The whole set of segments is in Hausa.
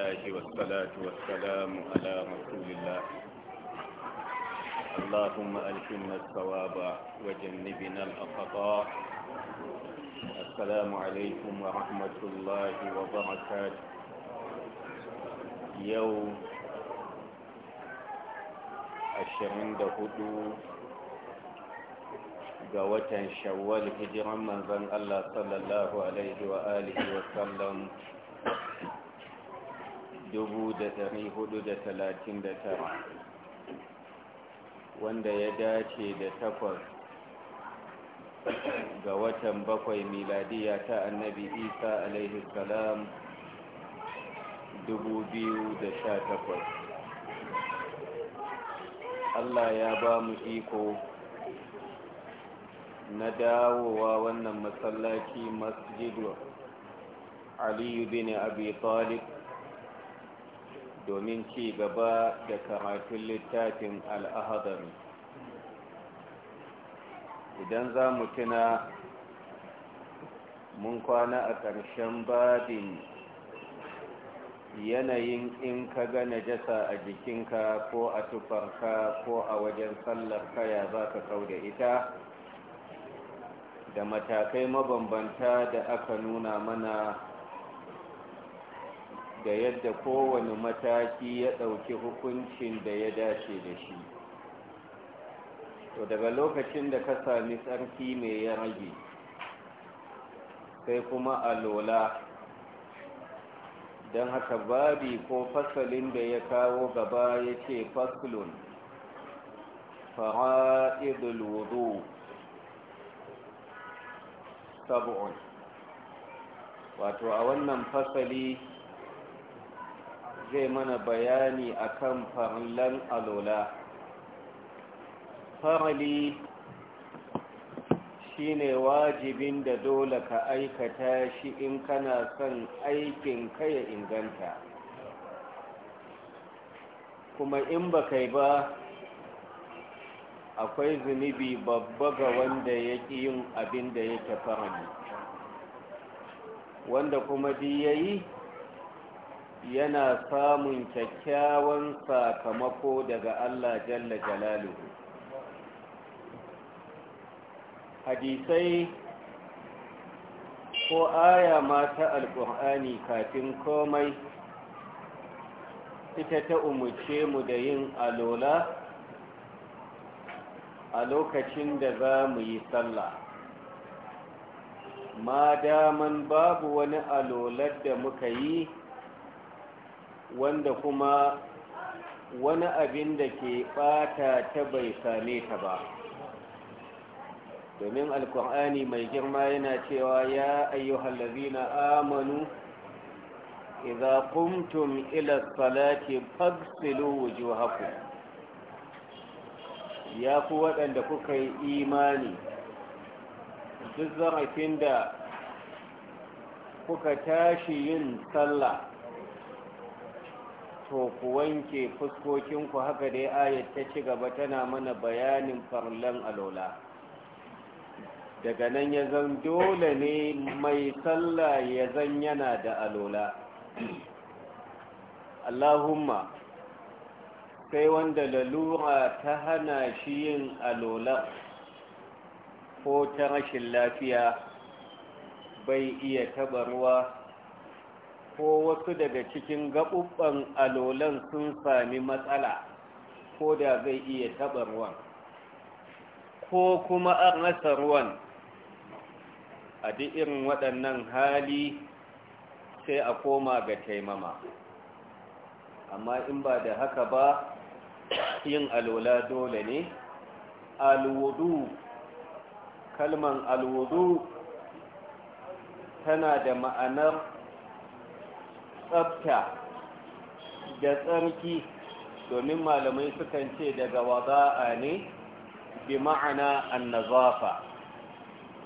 الله والصلاة والسلام على رسول الله اللهم ألفنا الصواب وجنبنا الأخطاء السلام عليكم ورحمة الله وبركاته يوم عشرين دهدو جواتا شوال هجرا من ظن الله صلى الله عليه وآله وسلم tara, wanda ya dace da takwas ga watan bakwai miladiya ta annabi isa alaihi salam takwas. allah ya ba mu iko na dawowa wannan masallaci masjidu aliyu bin abi talib domin ci gaba da karatun littafin al'ahadar idan za mu tuna mun kwana a ƙarshen babin yanayin in ka gane jasa a jikinka ko a tufarka ko a wajen sallar kaya za ka kau da ita da matakai mabambanta da aka nuna mana da yadda kowane mataki ya ɗauki hukuncin da ya dace da shi to daga lokacin da ka sami tsarki mai ya rage sai kuma a lola. don haka babi ko fasalin da ya kawo gaba ya ce faslun fara'idul wudu sab'un wato a wannan fasali zai mana bayani akan farlan alola farali shine wajibin da dole ka aikata shi in kana son aikin kaya inganta kuma in ba kai ba akwai zunubi babba ga wanda ya ƙi yin abin da yake farali wanda kuma di yi yana samun kyakkyawan sakamako daga Allah jalla jalaluhu hadisai ko aya mata alƙur'ani kafin komai ita ta umarce mu da yin alola a lokacin da za mu yi sallah ma daman babu wani alolar da muka yi wanda kuma wani abin da ke bata ta bai same ta ba domin alkur'ani mai girma yana cewa ya ayyuhallazina amanu idza qumtum ila salati fagsilu wujuhakum ya ku waɗanda kuka yi imani duk zarafin da kuka tashi yin sallah to ku wanke fuskokinku haka dai ayat ta ci gaba tana mana bayanin farlan alola daga nan ya zan dole ne mai sallah ya zan yana da alola allahumma sai wanda lalura ta hana shi yin alola ko ta rashin lafiya bai iya taɓa ruwa ko wasu daga cikin gaɓuɓɓen alolan sun sami matsala ko da zai iya taɓa ruwan ko kuma an rasa ruwan a duk irin waɗannan hali sai a koma ga taimama amma in ba da haka ba yin alola dole ne alwudu kalman alwudu tana da ma'anar tsabta da tsarki domin malamai sukan ce daga waza'a ne bi ma'ana annazafa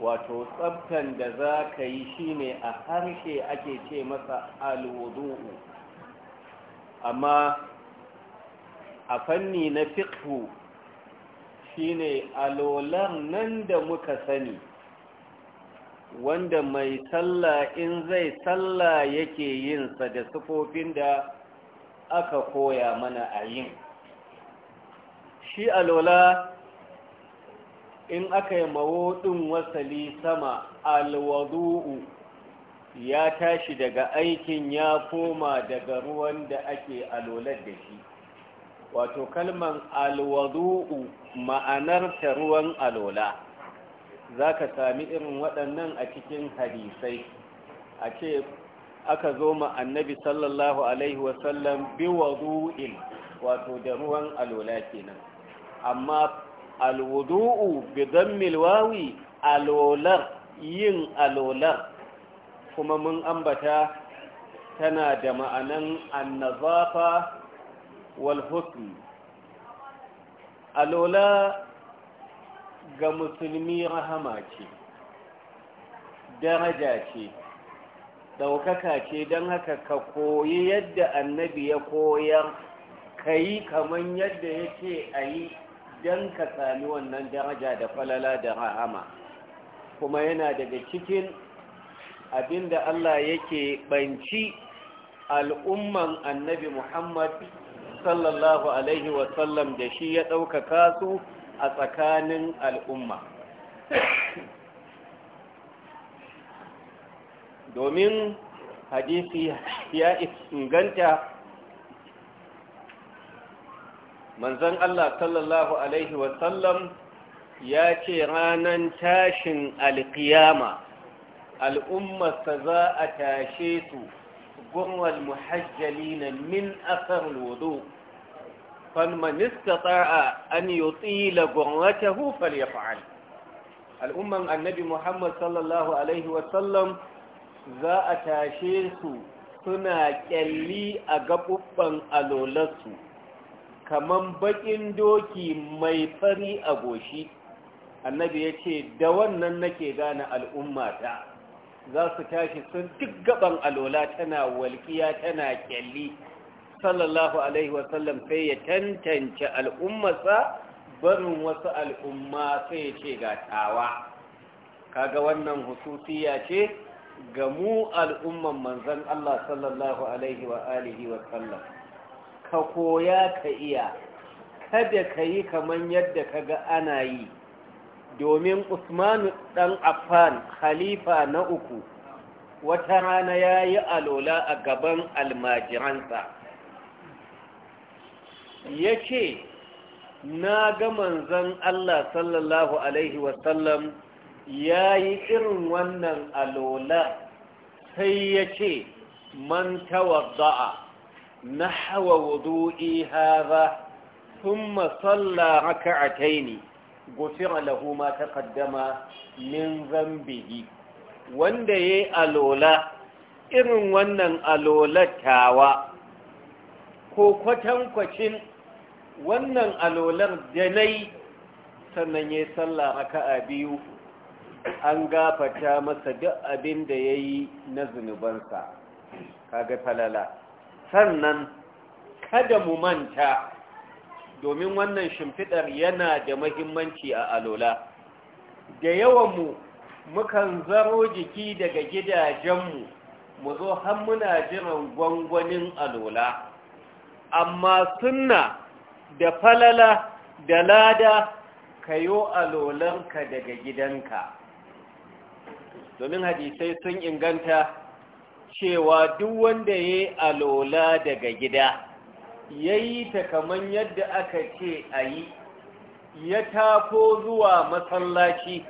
wato tsabtan da za ka yi shine a harshe ake ce masa alwudu'u amma a fanni na shi shine alolan nan da muka sani wanda mai sallah in zai sallah yake yinsa da sufofin da aka koya mana a yin shi alola in aka yi mawoɗin wasali sama alwadu'u ya tashi daga aikin ya koma daga ruwan da ake alolar da shi wato kalman alwadu'u ta ruwan alola za ka sami irin waɗannan a cikin hadisai a ce aka zo ma annabi sallallahu alaihi wasallam biwadu'in wato da ruwan alola kenan amma alwudu'u bidan milwawi alolar yin alolar kuma mun ambata tana da ma'anan annazafa wal alola ga musulmi rahama ce daraja ce ɗaukaka ce don haka ka koyi yadda annabi ya koyar ka yi kamar yadda ya ce a yi don ka sami wannan daraja da falala da rahama kuma yana daga cikin abinda Allah yake banci al'umman annabi Muhammad sallallahu Alaihi wasallam da shi ya ɗaukaka su a tsakanin al'umma domin hadisi ya inganta manzan Allah sallallahu Alaihi wasallam ya ce ranar tashin alkiyama al'ummarsa za a tashe su gurwal muhajjali na min asar wudu فمن استطاع أن يطيل غرته فليفعل Al'umman Annabi محمد Sallallahu alaihi عليه za a tashe su suna kyalli a gaɓuɓɓen alolarsu kaman baƙin doki mai fari a goshi annabi ya ce da wannan nake gane al'ummata za su tashi sun duk gaban alola tana walƙiya tana kyalli sallallahu alaihi wasallam sai ya tantance al'ummarsa barin wasu al'umma sai ya ce ga tawa kaga wannan hususiya ce ga mu al'umman manzan Allah sallallahu alaihi wa alihi wasallam ka koya ka iya kada ka yi kaman yadda ka ga ana yi domin usmanu ɗan affan khalifa na uku wata rana ya yi alola a gaban almajiransa ya ce na ga manzan Allah sallallahu Alaihi wasallam ya yi irin wannan alola sai ya ce man tawadda'a na hawa wudu'i haza ثم صلى ركعتين غفر ta kaddama min zan bihi. wanda yayi alola irin wannan alolatawa ko kwatankwacin wannan alolar da na yi sannan ya yi sallah a biyu an gafata masa duk abin da ya yi na zunubansa kaga falala sannan kada mu manta domin wannan shimfidar yana da mahimmanci a alola da yawan mu, mukan zaro jiki daga gidajenmu mu zo har jiran gwangwanin alola amma sunna da falala da lada ka yo alolanka daga gidanka domin hadisai sun inganta cewa duk wanda ya alola daga gida ya yi ta kaman yadda aka ce a yi ya tako zuwa masallaci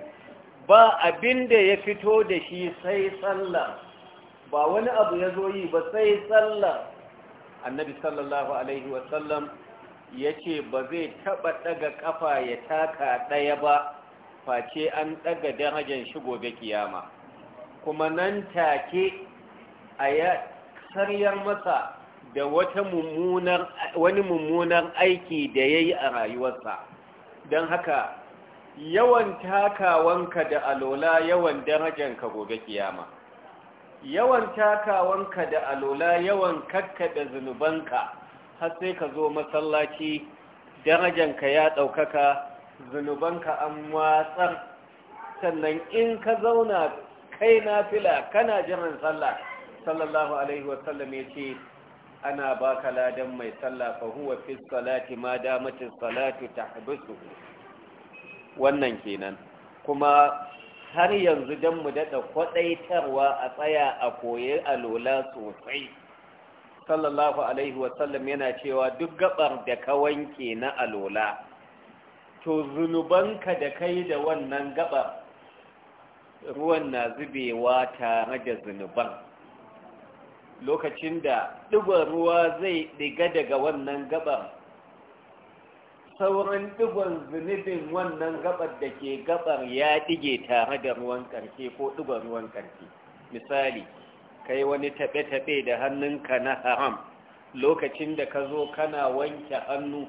ba abin da ya fito da shi sai sallah ba wani abu ya zo yi ba sai sallah annabi sallallahu alaihi wasallam ya ce ba zai taɓa ɗaga ƙafa ya taka ɗaya ba face an ɗaga darajar shi gobe kiyama kuma nan take a ya saryar masa da wani mummunar aiki da yayi a rayuwarsa don haka yawan takawanka da alola yawan darajanka gobe kiyama yawan takawanka da alola yawan kakkada zunubanka har sai ka zo masallaci darajanka ya ɗaukaka zunubanka an watsar sannan in ka zauna kai na fila kana jiran sallah sallallahu alaihi wasallam ya ce ana baka ladan mai sallah fa huwa fi salati ma damatin salatu tahbisu wannan kenan kuma har yanzu dan mu dada kwadaitarwa a tsaya a koyi alola sosai sallallahu alaihi wasallam yana cewa duk gabar da ka wanke na alola to zunubanka da kai da wannan gabar ruwan na zubewa tare da zunuban lokacin da ɗigon ruwa zai ɗiga daga wannan gabar sauran ɗigon zunubin wannan gabar da ke gabar ya ɗige tare da ruwan ƙarfe ko ɗigon ruwan ƙarfe misali kai wani taɓe-taɓe da hannunka na haram lokacin da ka zo kana wanke hannu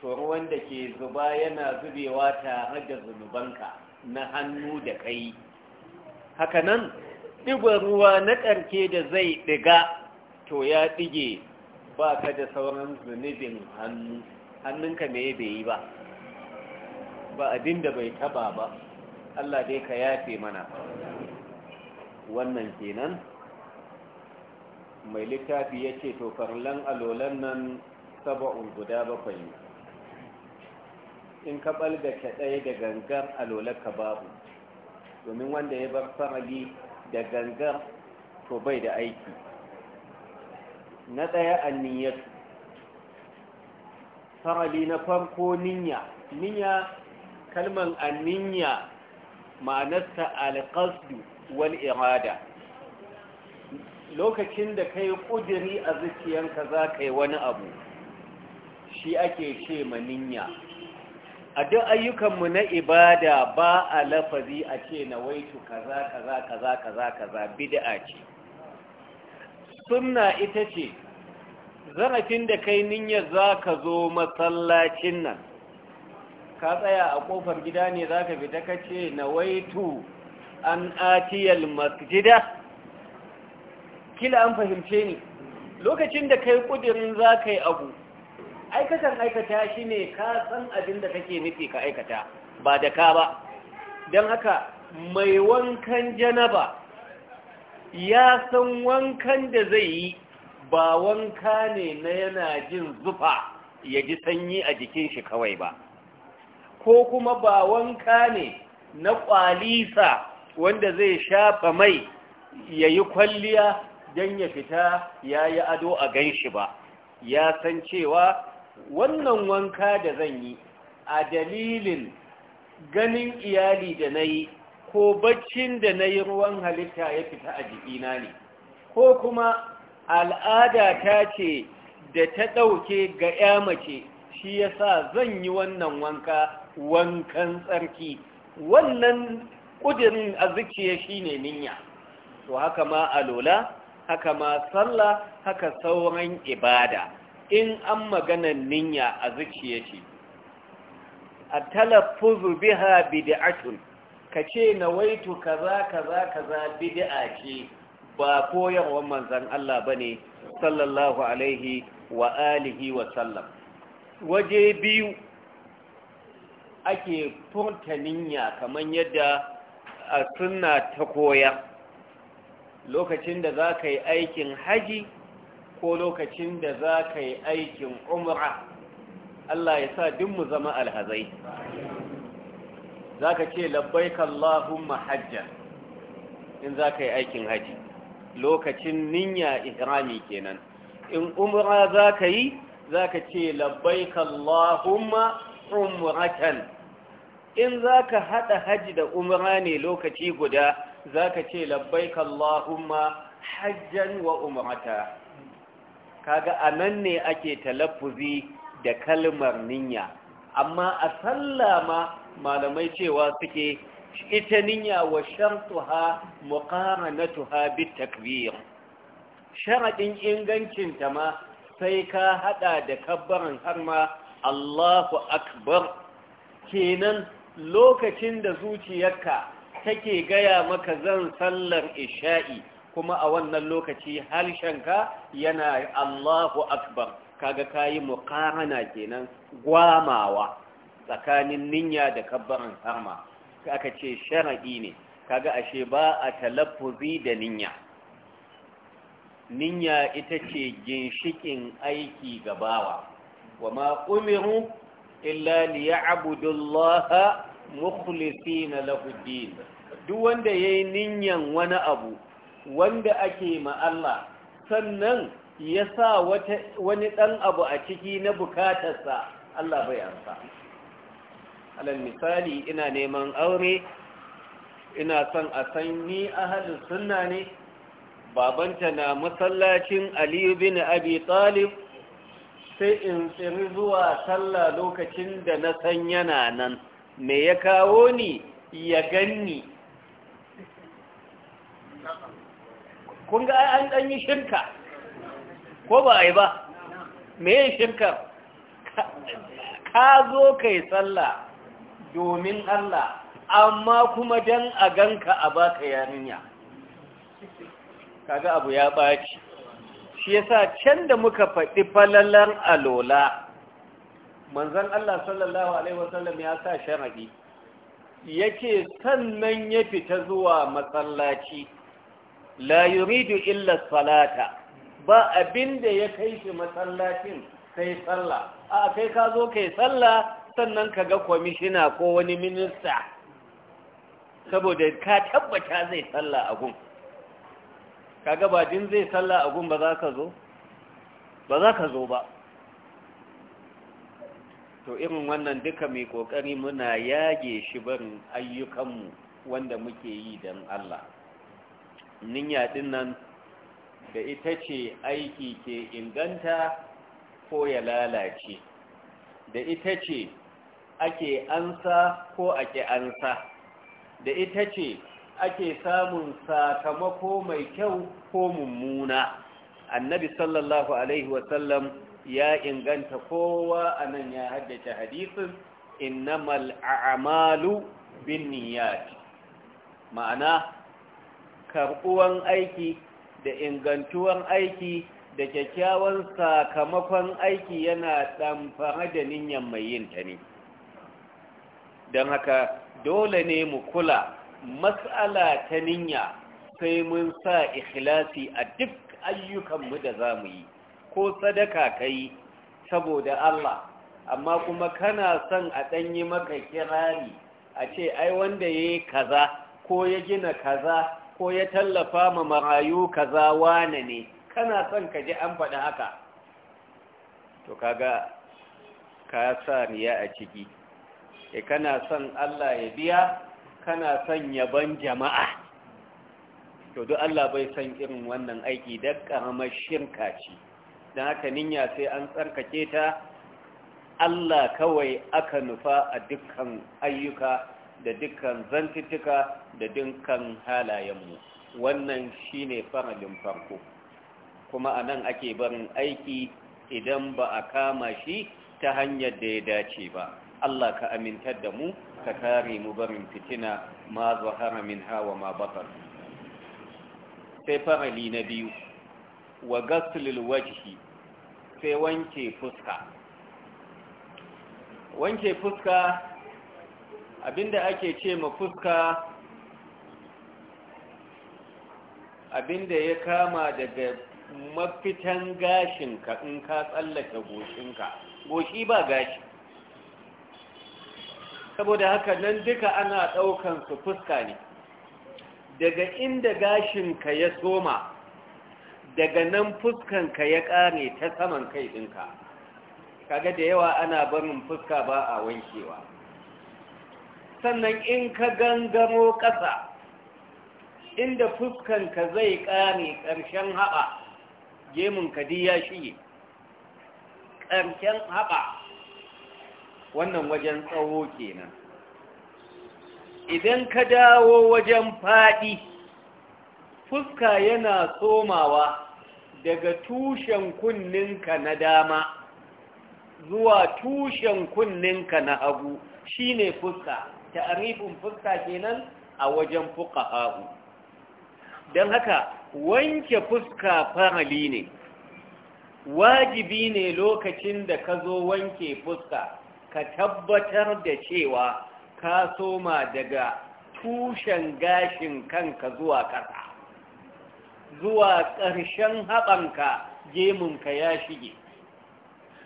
to ruwan da ke zuba yana zubewa tare da zunubanka na hannu da kai hakanan ɗiban ruwa na ƙarke da zai ɗiga to ya ɗige ba ka da sauran zunubin hannu hannunka ne bai yi ba ba abin da bai taba ba Allah dai ka yafe mana wannan kenan mai littafi ya ce to farlan alolan nan saba'un guda bakwai in ka ɓalgace ɗaya da gangar alolar ka babu domin wanda ya bar farali da gangar to bai da aiki na ɗaya anniyatu farali na farko ninya ninya kalman anninya ma'anarsa alƙasdu wal irada lokacin da kai ƙudiri a zuciyanka za ka yi wani abu shi ake ce maninya a duk ayyukanmu na ibada ba a lafazi a ce na waitu kaza kaza kaza kaza kaza bid'a ce sunna ita ce zarafin da kai niyyar za ka zo masallacin nan ka tsaya a kofar gida ne za ka fita kace na waitu an atiyal masjida kila an fahimce ni lokacin da kai kudirin za ka yi abu aikatan aikata shi ne ka san abin da kake nufi ka aikata ba da ka ba don haka mai wankan janaba ya san wankan da zai yi ba wanka ne na yana jin zufa ya ji sanyi a jikin shi kawai ba ko kuma ba wanka ne na kwalisa wanda zai shafa mai ya yi kwalliya don ya fita ya yi ado a gan shi ba ya san cewa wannan wanka da zan yi a dalilin ganin iyali da na yi ko baccin da na yi ruwan halitta ya fita a jikina ne ko kuma al'ada ta ce da ta ɗauke ga ya mace shi ya sa zan yi wannan wanka wankan tsarki wannan ƙudurin a zuciya shi ne ninya to haka ma a lola haka ma sallah haka sauran ibada in an maganan ninya a zuciya ce a talaffuzu biha bid'atun kace nawaitu kaza kaza kaza bid'a ce ba koyarwar manzon Allah bane sallallahu alaihi wa alihi wa sallam waje biyu ake furta ninya kamar yadda a sunna ta koya lokacin da za ka yi aikin haji ko lokacin da za ka yi aikin umra Allah ya sa dinmu zama alhazai za ka ce labbai Allahumma hajja in za ka yi aikin haji lokacin ninya ihrami kenan in umra za ka yi za ka ce labbai Allahumma umratan in za ka haɗa haji da umra ne lokaci guda Za ka ce labbaik Allahumma hajjan wa umrata kaga anan ne ake talaffuzi da kalmar niyya amma a sallama malamai cewa suke ita niyya wa shartuha muqaranatuha bit takbir sharadin ingancin ta ma sai ka hada da kabbaran har ma Allahu akbar kenan lokacin da zuciyarka take gaya maka zan sallar isha'i kuma a wannan lokaci harshenka yana Allahu Akbar kaga kayi muqarana kenan gwamawa tsakanin ninya da kabbaran harma aka ce sharadi ne kaga ashe ba a talaffuzi da ninya ninya ita ce ginshikin aiki gabawa wa ma umiru illa liya'budu Allah mukhlisina lahu duk wanda ya yi ninyan wani abu wanda ake ma Allah sannan ya sa wani ɗan abu a ciki na bukatarsa Allah bai alal misali ina neman aure ina son a san ni ahalin sunna ne babanta na masallacin aliyu bin abi talib sai in tsiri zuwa sallah lokacin da na san yana nan me ya kawo ni ya ganni kun ga an ɗanyi shirka ko ba a yi ba me yin shirka ka zo ka yi tsalla domin Allah amma kuma don a ganka a baka yarinya kaga abu ya ɓaci shi yasa can da muka faɗi falalar alola manzan Allah sallallahu Alaihi wasallam ya sa sharaɗi ya ce sannan ya fita zuwa matsalaci la yuridu illa salata ba abinda ya kai shi masallacin sai sallah a kai ka zo kai sallah sannan ka ga kwamishina ko wani minista saboda ka tabbata zai sallah a gun kaga ba din zai sallah a gun ba za ka zo ba za ka zo ba to irin wannan duka mai kokari muna yage shi barin ayyukanmu wanda muke yi don Allah niyya din nan da ita ce aiki ke inganta ko ya lalace da ita ce ake ansa ko ake ansa da ita ce ake samun sakamako mai kyau ko mummuna annabi sallallahu alaihi wasallam ya inganta kowa anan ya haddace hadisin innamal a'malu bin ma'ana karɓuwan aiki da ingantuwan aiki da kyakkyawan sakamakon aiki yana fara da niyan mai yin ta ne don haka dole ne mu kula matsala ta niyya sai mun sa ikhlasi a duk ayyukanmu da za mu yi ko sadaka ka yi saboda Allah amma kuma kana son a ɗan yi maka kirari a ce ai wanda ya yi kaza ko ya gina kaza ko ya tallafa ma marayu kaza wane ne kana son ka ji an faɗi haka to kaga ka sa riya a ciki e kana son Allah ya biya kana son yaban jama'a to duk Allah bai son irin wannan aiki da karamar shirka ce don haka niyya sai an tsarkake ta Allah kawai aka nufa a dukkan ayyuka da dukkan zantuttuka da dukkan halayenmu wannan shine faralin farko kuma a nan ake barin aiki idan ba a kama shi ta hanyar da ya dace ba Allah ka amintar da mu ka kare mu barin fitina ma zuwa min hawa ma bakar sai farali na biyu wa gaslul wajihi sai wanke fuska wanke fuska abinda ake ce ma fuska abinda ya kama daga mafitan gashinka in ka tsallaka goshinka goshi ba gashi saboda haka nan duka ana ɗaukan su fuska ne daga inda gashinka ya soma daga nan fuskanka ya ƙare ta saman kai ɗinka kaga da yawa ana barin fuska ba a wankewa sannan in ka gangamo ƙasa inda fuskanka zai ƙare ƙarshen haɓa gemun ya shi ƙarshen haɓa wannan wajen tsawo kenan idan ka dawo wajen faɗi fuska yana tsomawa daga tushen kunninka na dama zuwa tushen kunninka na hagu shine fuska ta'arifin fuska kenan a wajen fuqaha'u dan haka wanke fuska farali ne wajibi ne lokacin da ka zo wanke fuska ka tabbatar da cewa ka soma daga tushen gashin kanka zuwa ƙasa zuwa ƙarshen haɓanka gemunka ya shige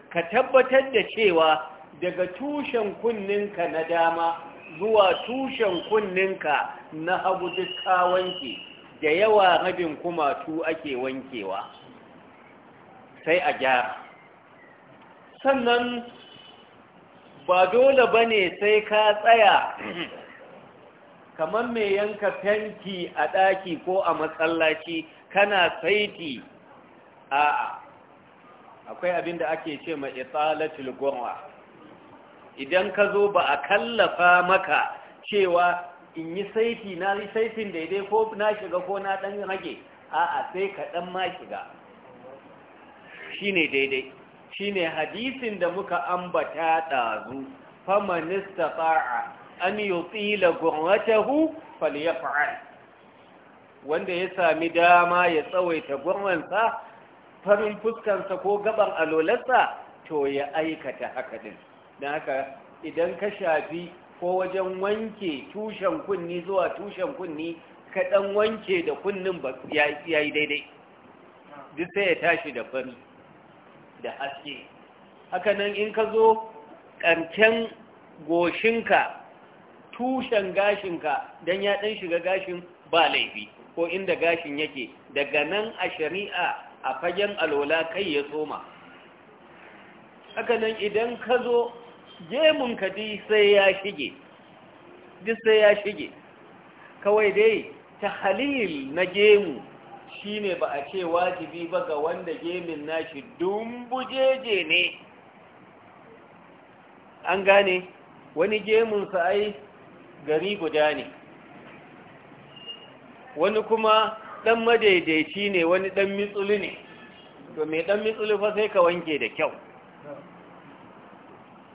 ka tabbatar da cewa daga tushen kunninka na dama zuwa tushen kunninka na hagu duk ka wanke da yawa rabin kumatu ake wankewa sai a gyara sannan ba dole ba ne sai ka tsaya kamar mai yanka fenti a ɗaki ko a matsalaci kana saiti a akwai abin da ake ce ma tsalatul gurwa idan ka zo ba a kallafa maka cewa in yi saiti na yi saitin daidai ko na shiga ko na ɗan rage a'a sai ka ɗan ma shiga shi ne daidai shi ne hadisin da muka ambata ɗazu famanista fa'a an yi tsila Gwamnatahu, faliya wanda ya sami dama ya tsawaita gurwansa farin fuskansa ko gaban alolarsa to ya aikata haka din da haka idan ka shafi ko wajen wanke tushen kunni zuwa tushen kunni ka dan wanke da kunnin ba ya yi daidai duk sai ya tashi da fari da haske Haka nan in ka zo ƙarken goshinka tushen gashinka don ya ɗan shiga gashin ba laifi ko inda gashin yake daga nan a shari'a a fagen alola kai ya soma nan idan ka zo gemun ka dai sai ya shige duk sai ya shige kawai dai ta halil na gemu shine ba a ce wajibi ba ga wanda gemin nashi jeje ne an gane wani gemunsa ai gari guda ne wani kuma ɗan madaidaici ne wani ɗan mitsuli ne to mai ɗan mitsuli fa sai ka wanke da kyau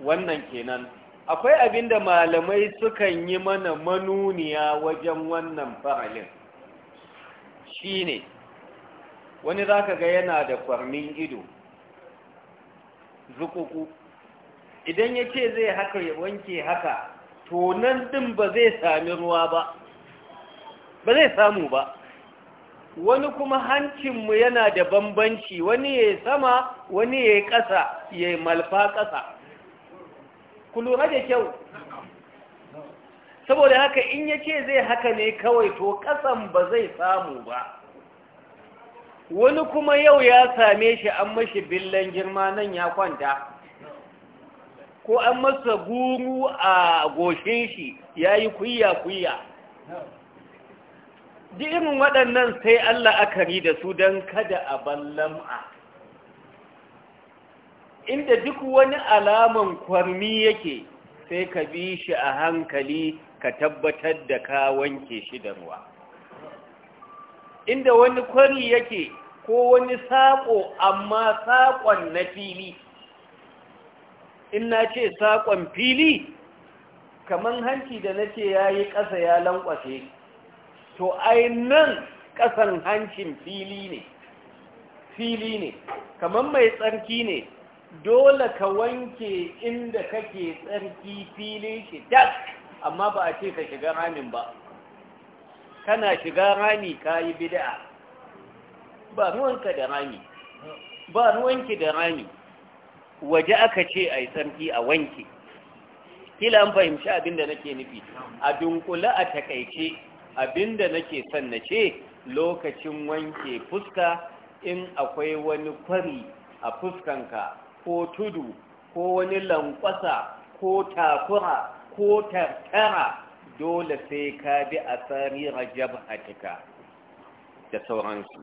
wannan kenan akwai abin da malamai sukan yi mana manuniya wajen wannan fa'alin shine wani zaka ga yana da kwarmin ido zukuku idan ya ce zai haka ya wanke haka to nan din ba zai sami ruwa ba ba zai samu ba wani kuma hancinmu yana da bambanci wani ya sama wani ya ƙasa ya malfa ƙasa ku lura da kyau saboda haka in ya ce zai haka ne kawai to kasan ba zai samu ba wani kuma yau ya same shi an mashi billan girma nan ya kwanta ko an masa guru a goshin shi ya yi kuyya-kuyya. Ji irin waɗannan sai Allah ri da su don kada a ballam'a inda duk wani alaman kwarmi yake sai ka bi shi a hankali ka tabbatar da ka wanke shi da ruwa inda wani kwari yake ko wani saƙo amma saƙon na fili in na ce saƙon fili kaman hanci da nace ce ya yi ƙasa ya lankwase to ai nan ƙasan hancin fili ne fili ne kaman mai tsarki ne dole ka wanke inda kake tsarki fili shi dak amma ba a ce ka shiga ramin ba kana shiga rami ka yi bida ba ruwanka da rami ba ruwanki da rami waje aka ce a yi tsarki a wanke kila an fahimci abinda nake nufi a dunkula a takaice abinda nake son na ce lokacin wanke fuska in akwai wani kwari a fuskanka ko tudu ko wani lankwasa ko takura ko tartara dole sai ka bi a tsarira jabhatika da sauransu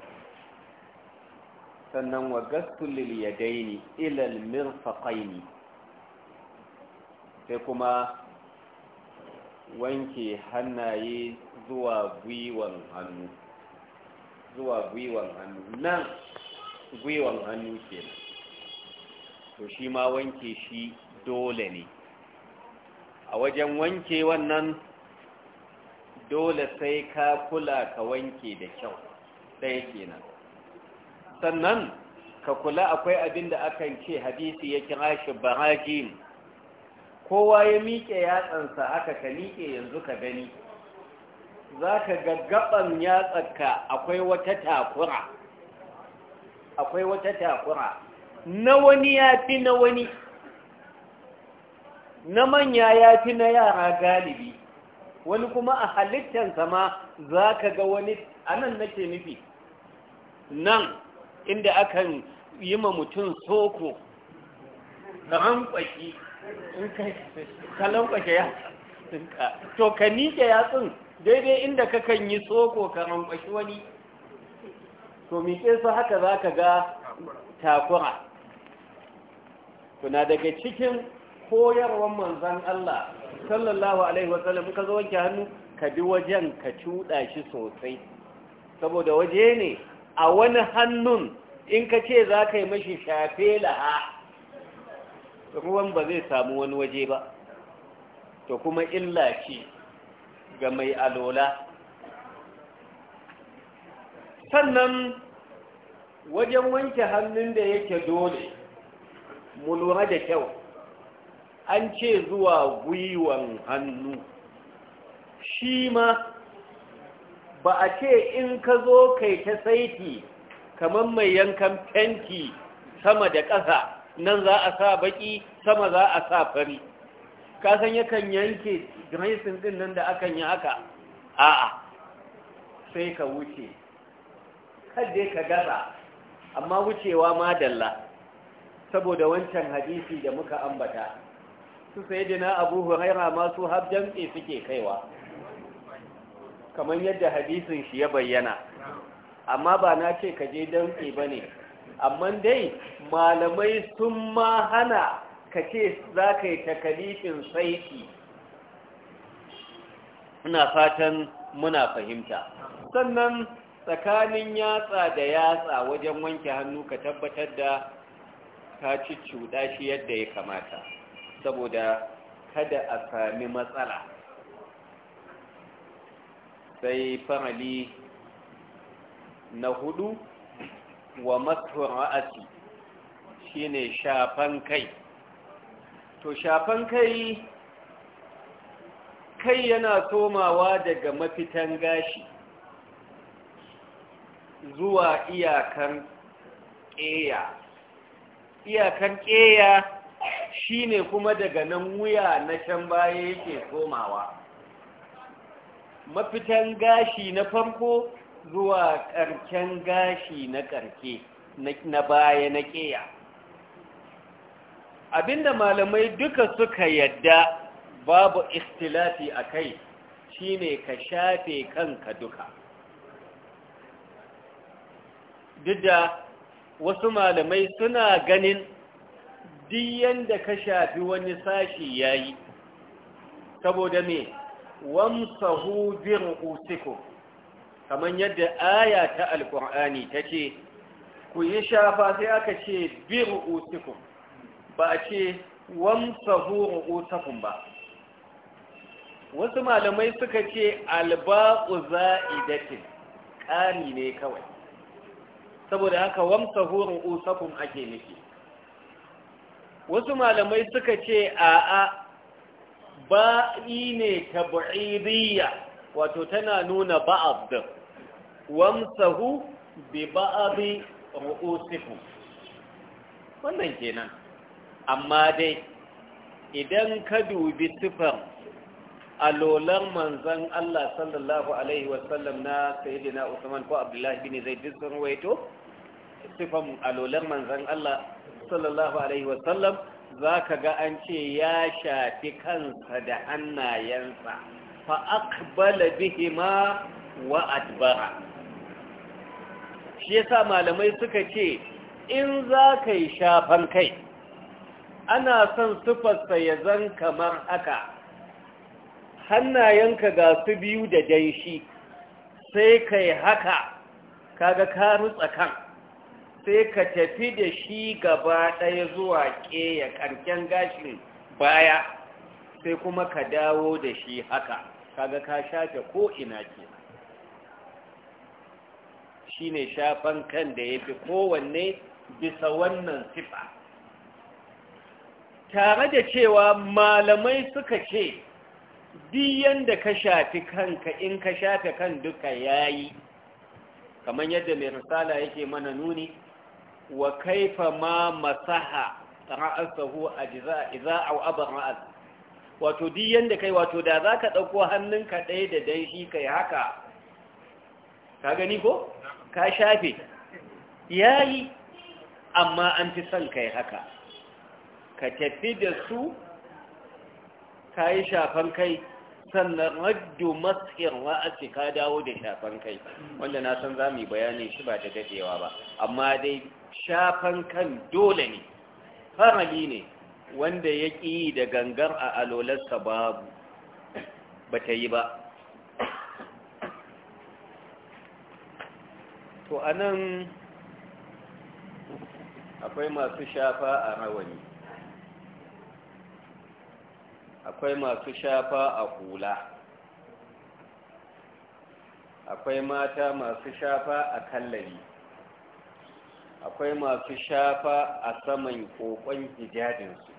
sannan wa ya yadaini ilal ne sai kuma wanke hannaye zuwa gwiwan hannu zuwa gwiwan hannu nan hannu to shi ma wanke shi dole ne a wajen wanke wannan dole sai ka kula ka wanke da kyau ɗaya kenan sannan ka kula akwai abin da aka ce hadisi ya kira shi barajin kowa ya miƙe yatsansa haka ka miƙe yanzu ka gani za ka gaggaban yatsarka akwai wata takura akwai wata takura na wani ya fi na wani na manya ya fi na yara galibi wani kuma a halittar zama za ka ga wani anan nake nufi nan inda akan yi ma mutum soko in ka lankwake ya to ka nike yatsun daidai inda kakan yi soko ka rankwaki wani to mike su haka za ka ga takura tuna daga cikin koyarwar manzan Allah sallallahu alaihi wasallam ka zo wanke hannu ka bi wajen ka cuɗa shi sosai saboda waje ne a wani hannun in ka ce za ka yi mashi shafe laha ruwan ba zai samu wani waje ba to kuma illa ce ga mai alola sannan wajen wanke hannun da yake dole mu lura da kyau an ce zuwa gwiwan hannu shi ma ba a ce in ka zo kai ta saiti kamar mai yankan fenti sama da ƙasa nan za a sa baƙi sama za a sa fari kasan yakan yanke graisin ɗin nan da akan yi haka 'a sai ka wuce kadai ka gaza amma wucewa ma dalla saboda wancan hadisi da muka ambata su dina abu huraira ma su har jam'i suke kaiwa kamar yadda hadisin shi ya bayyana amma ba na ce ka je damtse ba ne amma dai malamai sun ma hana ka ce za ka yi takalifin saiki na fatan muna fahimta sannan tsakanin yatsa da yatsa wajen wanke hannu ka tabbatar da ta ci cuɗa shi yadda ya kamata saboda kada a sami matsala sai famali na hudu wa matuwar ra'asi shine shafan kai to shafan kai kai yana tomawa daga mafitan gashi zuwa iyakan ƙeya iyakar ƙeya shine kuma daga nan wuya na can baya yake komawa mafitan gashi na farko zuwa ƙarken gashi na karke na baya na ƙeya abinda malamai duka suka yadda babu istilafi a kai shine ka shafe kanka duka duk da wasu malamai suna ganin diyan da ka shafi wani sashi ya yi saboda me wamsahu bin usiko kamar yadda aya ta ta tace ku yi shafa sai aka ce bin usiko ba a ce wamsahu ru'usakum ba wasu malamai suka ce alba'u za'idatin ƙari ne kawai saboda haka wamsahu ru'usakum ake nufi wasu malamai suka ce a'a ba'i ne tab'idiyya wato tana nuna ba'd wamsahu bi ba'd ru'usikum wannan kenan amma dai idan ka dubi sifar alolan manzan Allah sallallahu Alaihi wasallam na Sayyidina Usman ko Abdullahi bin Zaid sun waito sifan alolan manzan Allah sallallahu alaihi wasallam za ka ga an ce ya shafi kansa da hannayensa fa bihi bihima wa adbara shi yasa malamai suka ce in za ka yi shafan kai ana son sufarsa ya zan kamar haka hannayenka ga su biyu da danshi sai kai haka kaga ka rutsa kan sai ka tafi da shi gaba ɗaya zuwa ƙeya ƙarken gashin baya sai kuma ka dawo da shi haka kaga ka shafe ko ina ke shi ne shafan kan da ya fi kowanne bisa wannan sifa tare da cewa malamai suka ce diyan da ka shafi kanka in ka shafe kan duka yayi kamar yadda mai risala yake mana nuni wa kaifa ma masaha ra'asahu ajza idza aw abra'a wato di yanda kai wato da zaka dauko hannunka kaɗai da shi kai haka ka gani ko ka shafe yayi amma an fi son kai haka ka tafi da su ka yi shafan kai sannan raddu matsir ra'asi ka dawo da shafan kai wanda na san za mu yi bayanin shi ba ta dadewa ba amma dai shafan kan dole ne farali ne wanda ya ƙi da gangar a alolarsa babu ba ta yi ba to a nan akwai masu shafa a rawani akwai masu shafa a hula akwai mata masu shafa a kallari akwai masu shafa a saman kokon hijabinsu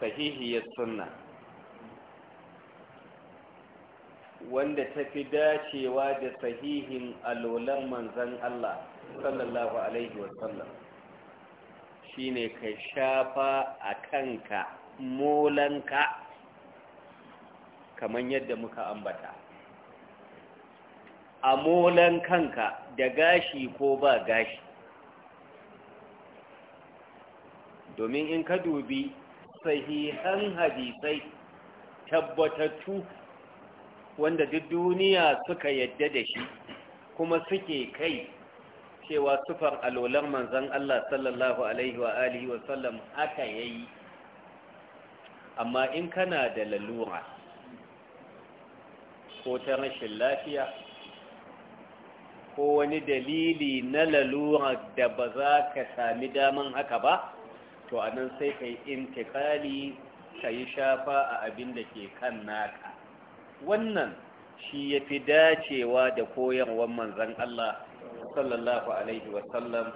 sahihiyar sunna wanda ta fi dacewa da sahihin alolan manzan Allah sallallahu Alaihi wasallam shi ne ka shafa a kanka molanka kamar yadda muka ambata a molan kanka da gashi ko ba gashi domin in ka dubi sahihan hadisai tabbatattu wanda duk duniya suka yadda da shi kuma suke kai cewa sufar alolar manzan Allah sallallahu Alaihi wa alihi wasallam ya yi amma in kana da lalura ko ta rashin lafiya ko wani dalili na lalura da ba za ka sami daman haka ba to a nan sai ka yi intikali ka yi shafa a abin da ke kan naka wannan shi ya fi dacewa da koyarwar manzan Allah sallallahu alaihi wasallam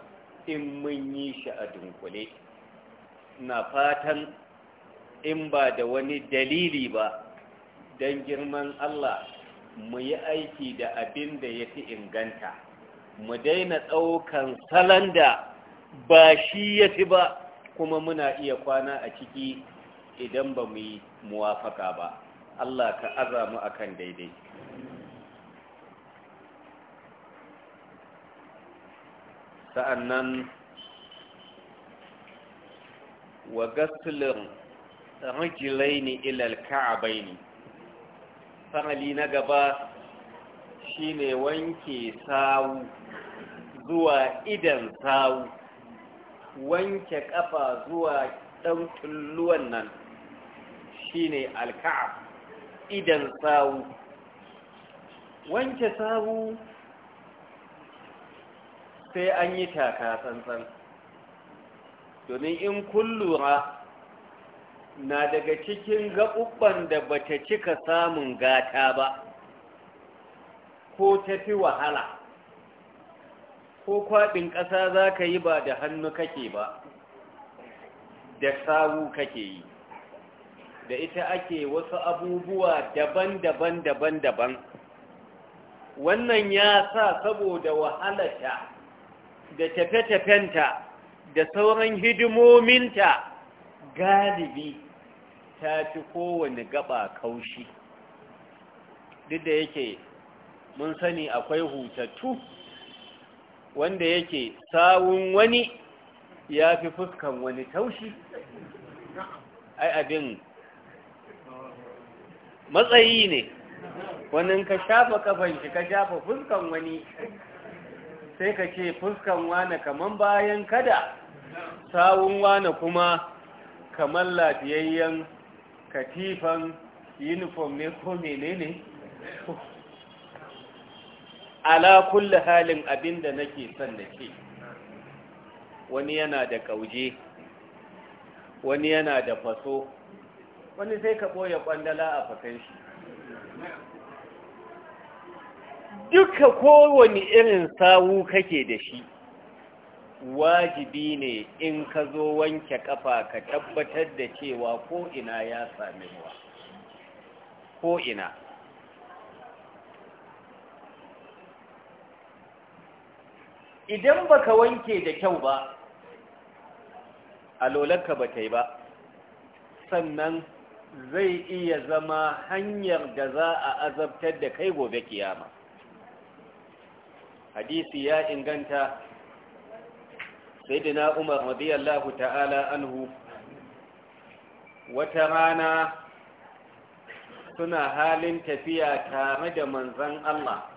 in mun yi shi a dunkule na fatan in ba da wani dalili ba don girman Allah mu yi aiki da abin da ya fi inganta mu daina ɗaukan salon da ba shi ya fi ba kuma muna iya kwana a ciki idan ba mu yi muwafaka ba Allah ka aza mu akan daidai sa'annan wa gaslin rijilaini ilal ka'abaini fa'ali na gaba shi ne wanke sawu zuwa idan sawu wanke kafa zuwa ɗan tulluwan nan shine alka'a idan sawu wanke sawu sai an yi taka tsantsan domin in kun lura na daga cikin gaɓuɓɓan da bata cika samun gata ba ko tafi wahala ko kwaɗin ƙasa za ka yi ba da hannu kake ba da sawu kake yi da ita ake wasu abubuwa daban-daban daban-daban wannan ya sa saboda wahalata da tafe-tafenta da sauran hidimominta galibi ta fi kowane gaba kaushi duk da yake mun sani akwai hutattu wanda yake sawun wani ya fi fuskan wani taushi ai abin matsayi ne wani ka shafa kafan shi ka shafa fuskan wani sai ka ce fuskan wani kaman bayan kada sawun wani kuma kamar lafiyayyen katifan uniform ne ko menene ala kulli halin abinda nake son da ke wani yana da kauje wani yana da faso wani sai ka boye ƙwandala a fakan shi duka koWani irin sawu kake da shi wajibi ne in ka zo wanke kafa ka tabbatar da cewa ko'ina ya sami ruwa ko'ina idan baka wanke da kyau ba alolarka ba ta yi ba sannan zai iya zama hanyar da za a azabtar da kai gobe kiyama hadisi ya inganta Saidina umar radiyallahu ta'ala anhu wata rana suna halin tafiya tare da manzan Allah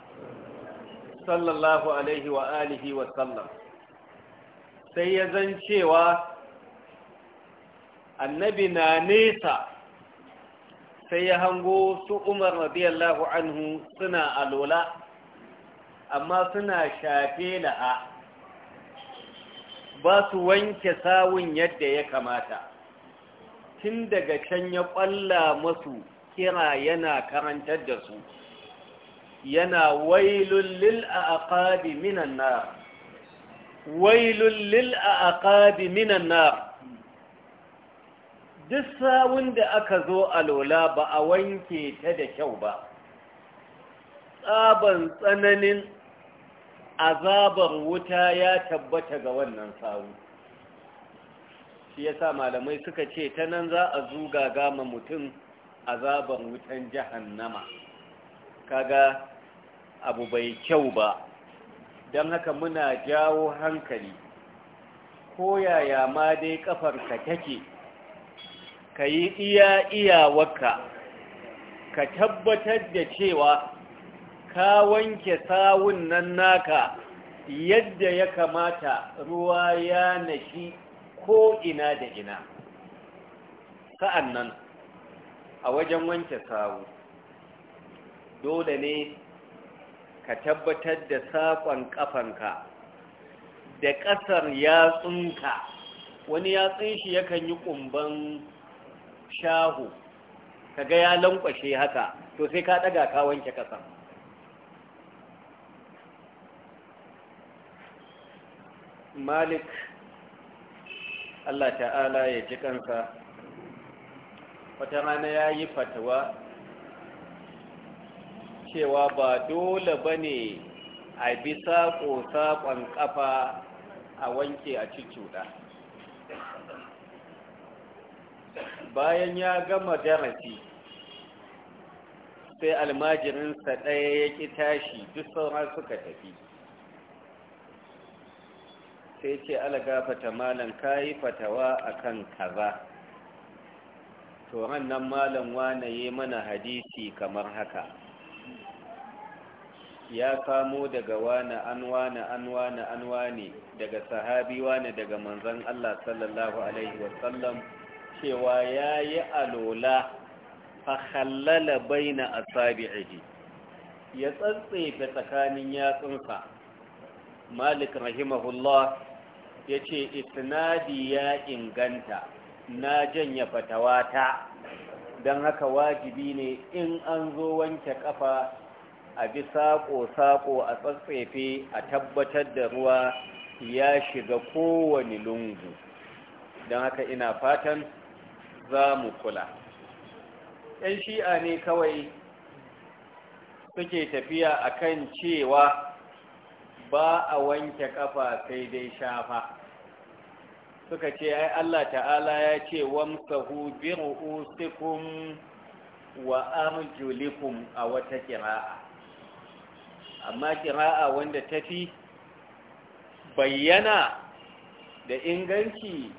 sallallahu alaihi wa alihi wa sallam sai ya zan cewa annabi na nesa sai ya hango su umar radiyallahu anhu suna alola amma suna shafe la'a ba su wanke sawun yadda ya kamata tun daga can ya ƙwalla masu kira yana karantar da su yana wailun lil a aƙadi minan nar wailun lil a aƙadi minan nar duk sawun da aka zo a lola ba a wanke ta da kyau ba tsaban tsananin azabar wuta ya tabbata ga wannan sawu shi yasa malamai suka ce ta nan za a zuga gama mutum azabar wutan jahannama kaga abu bai kyau ba don haka muna jawo hankali ko yaya ma dai kafarka take ka yi iya iyawarka ka tabbatar da cewa ka wanke sawun nan naka yadda ya kamata ruwa ya nashi ko ina da ina Sa'annan, a wajen wanke sawu dole ne ka tabbatar da saƙon ƙafanka da ƙasar yatsunka wani yatsun shi yakan yi ƙumban shahu kaga ya lankwashe haka to sai ka ɗaga ka wanke ƙasar malik allah ta'ala ya ji kansa wata rana ya yi fatawa cewa ba dole ba ne a bi saƙo-saƙon ƙafa a wanke a cuta. bayan ya gama darasi sai almajirinsa ɗaya ya ƙi tashi duk sauran suka tafi sai ce alagafata malam yi fatawa kan kaza to nan malam wane yi mana hadisi kamar haka ya kamo daga wane an wane an wane an wane daga sahabi wane daga manzon Allah sallallahu alaihi wasallam cewa ya yi alola fahallala bai na asabi'iji ya tsantsefe tsakanin yatsunsa malik rahimahullah ya ce isnadi ya inganta na janya fatawata don haka wajibi ne in an zo wanke kafa a bi saƙo-saƙo a tsatsefe a tabbatar da ruwa ya shiga kowane lungu don haka ina fatan za mu kula ‘yan shi'a ne kawai suke tafiya akan cewa ba a wanke kafa sai dai shafa suka ce ai Allah ta'ala ya ce wamsahu bi ru'usikum wa arjulikum a wata kira'a amma kira'a wanda tafi bayyana da inganci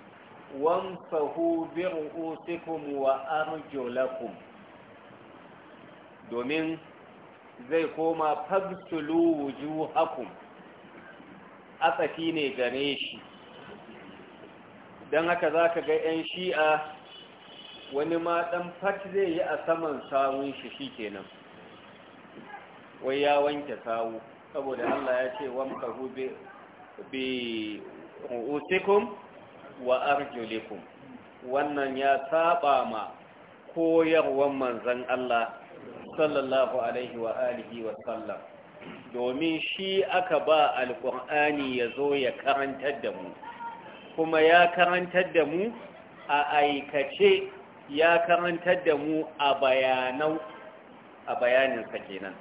wamsahu bi ru'usikum wa arjulakum domin zai koma fagsulu wujuhakum Atsaki ne gane shi don haka za ka ga 'yan shi'a wani ma ɗan fati zai yi a saman sawun shi shi kenan wai ya wanke sawu saboda allah ya ce wamka hube bi ruusikun wa arjulikun wannan ya saba ma koyarwan manzon Allah sallallahu alaihi wa alihi wa sallallahu domin shi aka ba alƙur'ani ya zo ya karantar da mu kuma ya karantar da mu a aikace ya karantar da mu a bayanau a bayanin kenan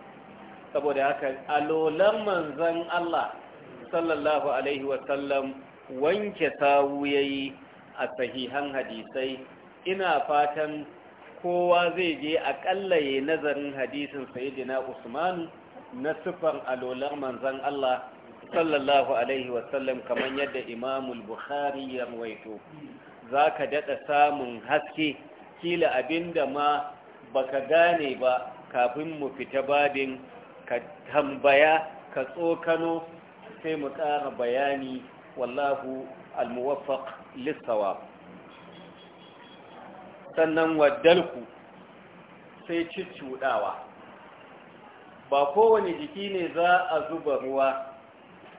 saboda haka alolan manzan Allah sallallahu alaihi wasallam wanke sawu yayi a sahihan hadisai ina fatan kowa zai je a ya nazarin hadisin sayyidina Usman na sifar alolar manzan Allah sallallahu alaihi wasallam kamar yadda imamul bukhari ya waito za ka daɗa samun haske kila abinda ma baka gane ba kafin mu fita babin ka tambaya ka tsokano sai mu ƙara bayani wallahu almuwafaq lissawa sannan waddalku sai wudawa. ba kowane jiki ne za a zuba ruwa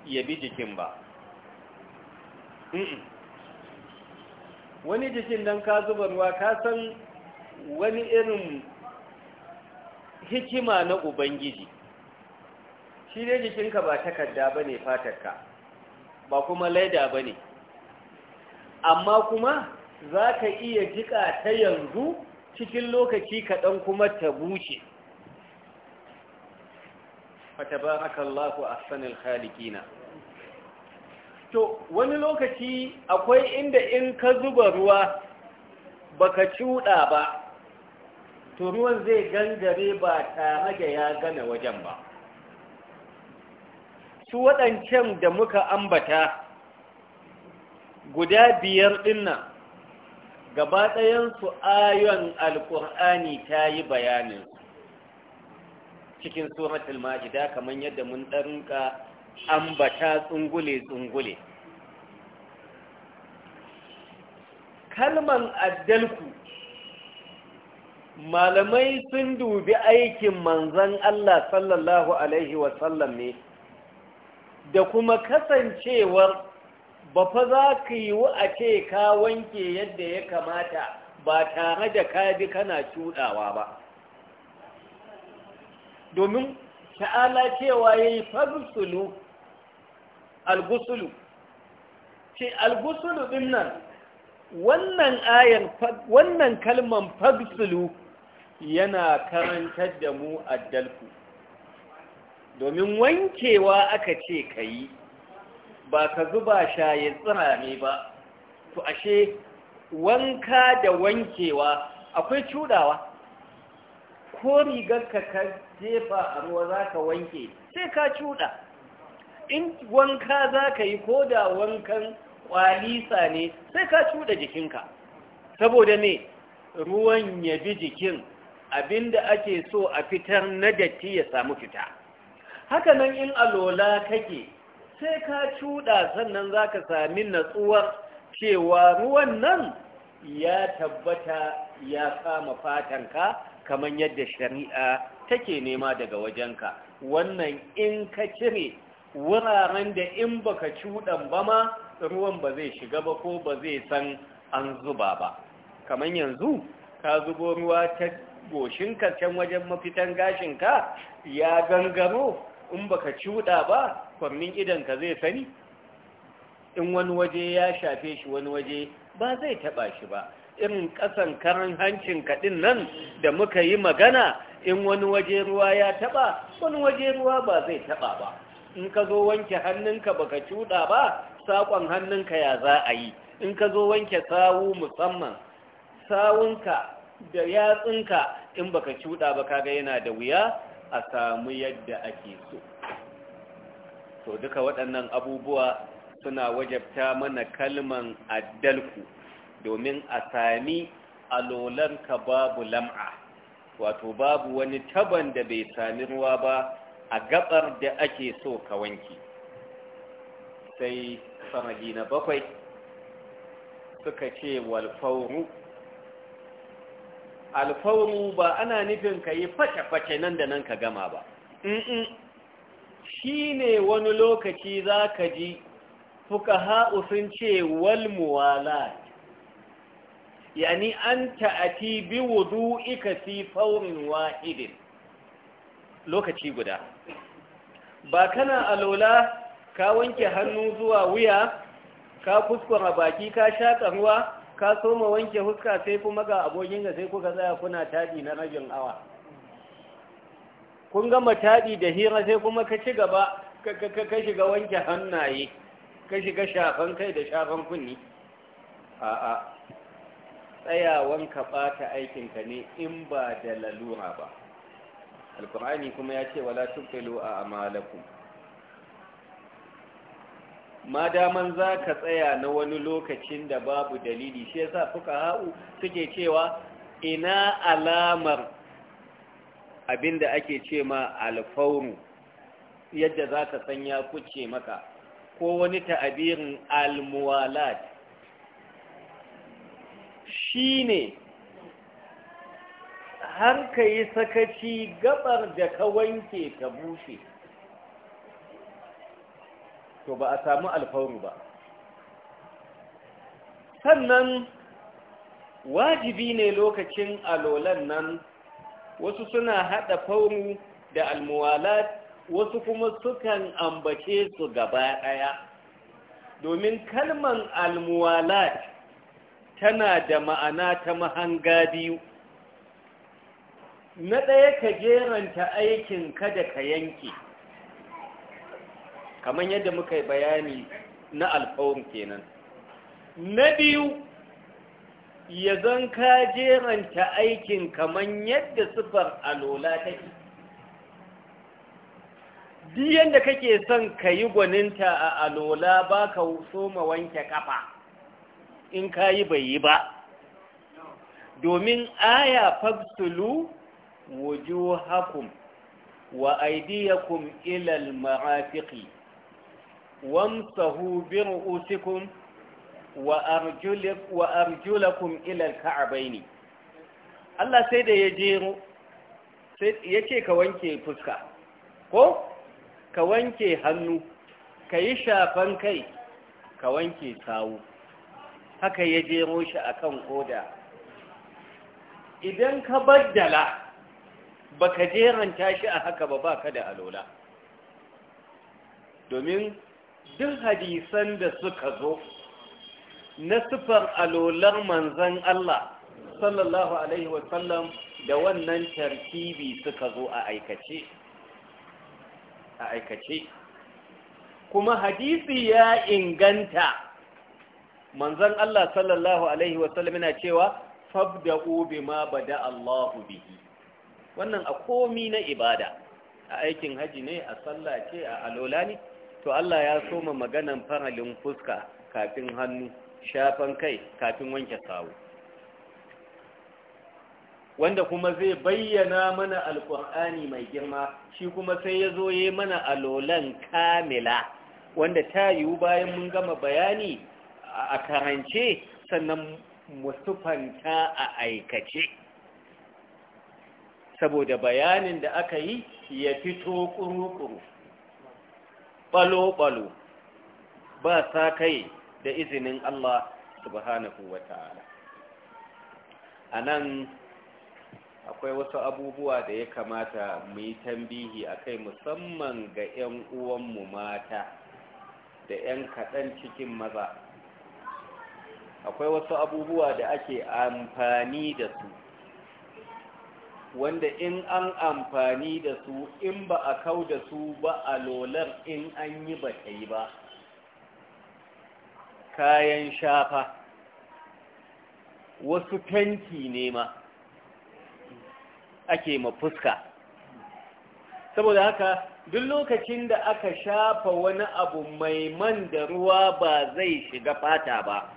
ya bi jikin ba wani jikin don ka zuba ruwa ka san wani irin hikima na ubangiji shi ne jikinka ba takarda ba ne fatarka ba kuma laida ba ne amma kuma za ka iya jika ta yanzu cikin lokaci kaɗan kuma ta buce fatabaraka Allahu ahsanul khaliqina to wani lokaci akwai inda in ka zuba ruwa baka cuda ba to ruwan zai gangare ba tare da ya gane wajen ba su waɗancan da muka ambata guda biyar dinnan gaba su ayon alƙur'ani ta yi bayaninsu cikin suratul majida kamar yadda mun ɗarinka ambata tsungule-tsungule kalman addalku malamai sun dubi aikin manzan Allah sallallahu Alaihi wasallam ne da kuma kasancewar ba fa za ka yi wa a ce ka wanke yadda ya kamata ba tare da ka bi kana cuɗawa ba domin ta'ala cewa ya yi fagusulu al-gusulu ce al din nan wannan ayan wannan kalman fagusulu yana karantar da mu a dalku domin wankewa aka ce ka yi ba ka zuba shaye tsirane ba to ashe wanka da wankewa akwai cudawa ko rigar ka jefa a ruwa za ka wanke sai ka cuɗa in wanka za ka yi ko da wankan ƙwalisa ne sai ka cuɗa jikinka saboda ne ruwan ya bi jikin abinda ake so a fitar na datti ya samu fita hakanan in alola kake sai ka cuɗa sannan za ka sami natsuwar cewa ruwan nan ya tabbata ya kama fatanka kamar yadda shari'a take nema daga wajenka wannan in ka cire wuraren da in baka cuɗan ba ma ruwan ba zai shiga ba ko ba zai san an zuba ba kamar yanzu ka zubo ruwa ta goshinka can wajen mafitan gashinka ya gangaro in baka cuɗa ba kwannin idanka zai sani in wani waje ya shafe shi wani waje ba zai taɓa shi ba irin ƙasan karan hancin kaɗin nan da muka yi magana in wani waje ruwa ya taɓa wani waje ruwa ba zai taɓa ba in ka zo wanke hannunka baka cuɗa ba saƙon hannunka ya za a yi in ka zo wanke sawu musamman sawunka da yatsunka in baka cuɗa ba kaga yana da wuya a samu yadda ake so to duka waɗannan abubuwa suna wajabta mana kalman addalku domin a sami alolanka babu lam'a wato babu wani taban da bai sami ruwa ba a gabar da ake so ka wanki sai samadi na bakwai suka ce walfauru alfauru ba ana nufin ka yi fashe-fashe nan da nan ka gama ba shi ne wani lokaci za ka ji fuka ha'usun sun ce walmuwalat yani an ta'ati bi wudu'ika fi fawrin wahidin lokaci guda ba kana alola ka wanke hannu zuwa wuya ka kuskura baki ka shaƙa ruwa ka soma wanke huska sai kuma ga abokin ga sai kuka tsaya kuna taɗi na rabin awa kun gama taɗi da hira sai kuma ka ci gaba ka shiga wanke hannaye ka shiga shafan kai da shafan kunne. tsayawan ka ɓata aikinka ne in ba da lalura ba alkur'ani kuma ya ce wala tubtilu a amalakum ma daman za ka tsaya na wani lokacin da babu dalili shi yasa fuka ha'u suke cewa ina alamar abinda ake ce ma yadda za ka san ya kuce maka ko wani ta'abirin almuwalat shi ne har ka yi sakaci gabar da ka wanke ka bushe to ba a samu alfawaru ba sannan wajibi ne lokacin alolan nan wasu suna haɗa fauru da almuwalat wasu kuma sukan ambace su gaba ɗaya domin kalman almuwalat tana da ma'ana ta mahanga biyu na ɗaya ka jeranta aikin kada ka yanke kamar yadda muka yi bayani na alfawun kenan na biyu ya zan ka jeranta aikin kamar yadda sufar alola yi Biyan da kake son ka yi gwaninta a alola ba ka soma wanke kafa in ka yi bai yi ba domin aya fabsulu wujuhakum wa aidiyakum ilal ma'afiqi wamsahu bi usikun wa arjulakum ilal ka'abaini Allah sai da ya jero ya ce ka wanke fuska ko ka wanke hannu ka yi shafan kai ka wanke sawu haka ya jero shi kan koda idan ka baddala ba baka jeranta shi a haka ba baka da alola domin duk hadisan da suka zo na sifar alolar manzan Allah sallallahu alaihi wasallam da wannan tarkibi suka zo a aikace a aikace kuma hadisi ya inganta manzon Allah sallallahu alaihi wasallam yana cewa ma ba da Allahu bihi wannan a komi na ibada a aikin haji ne a sallah ce a alola ne to Allah ya soma maganan faralin fuska kafin hannu shafan kai kafin wanke sawu wanda kuma zai bayyana mana Alƙur'ani mai girma shi kuma sai ya zo ya mana alolan kamila wanda ta yiwu bayan mun gama bayani a karance sannan musufanta a aikace saboda bayanin da aka yi ya fito kuru-kuru balo-balo ba sa kai da izinin Allah subhanahu wa ta'ala a nan akwai wasu abubuwa da ya kamata mu yi tambihi a kai musamman ga 'yan uwanmu mata da 'yan kaɗan cikin maza akwai wasu abubuwa da ake amfani da su wanda in an amfani da su in ba a kau da su ba a lolar in an yi ba yi ba kayan shafa wasu tanki ne ma ake mafuska saboda haka duk lokacin da aka shafa wani abu mai man da ruwa ba zai shiga fata ba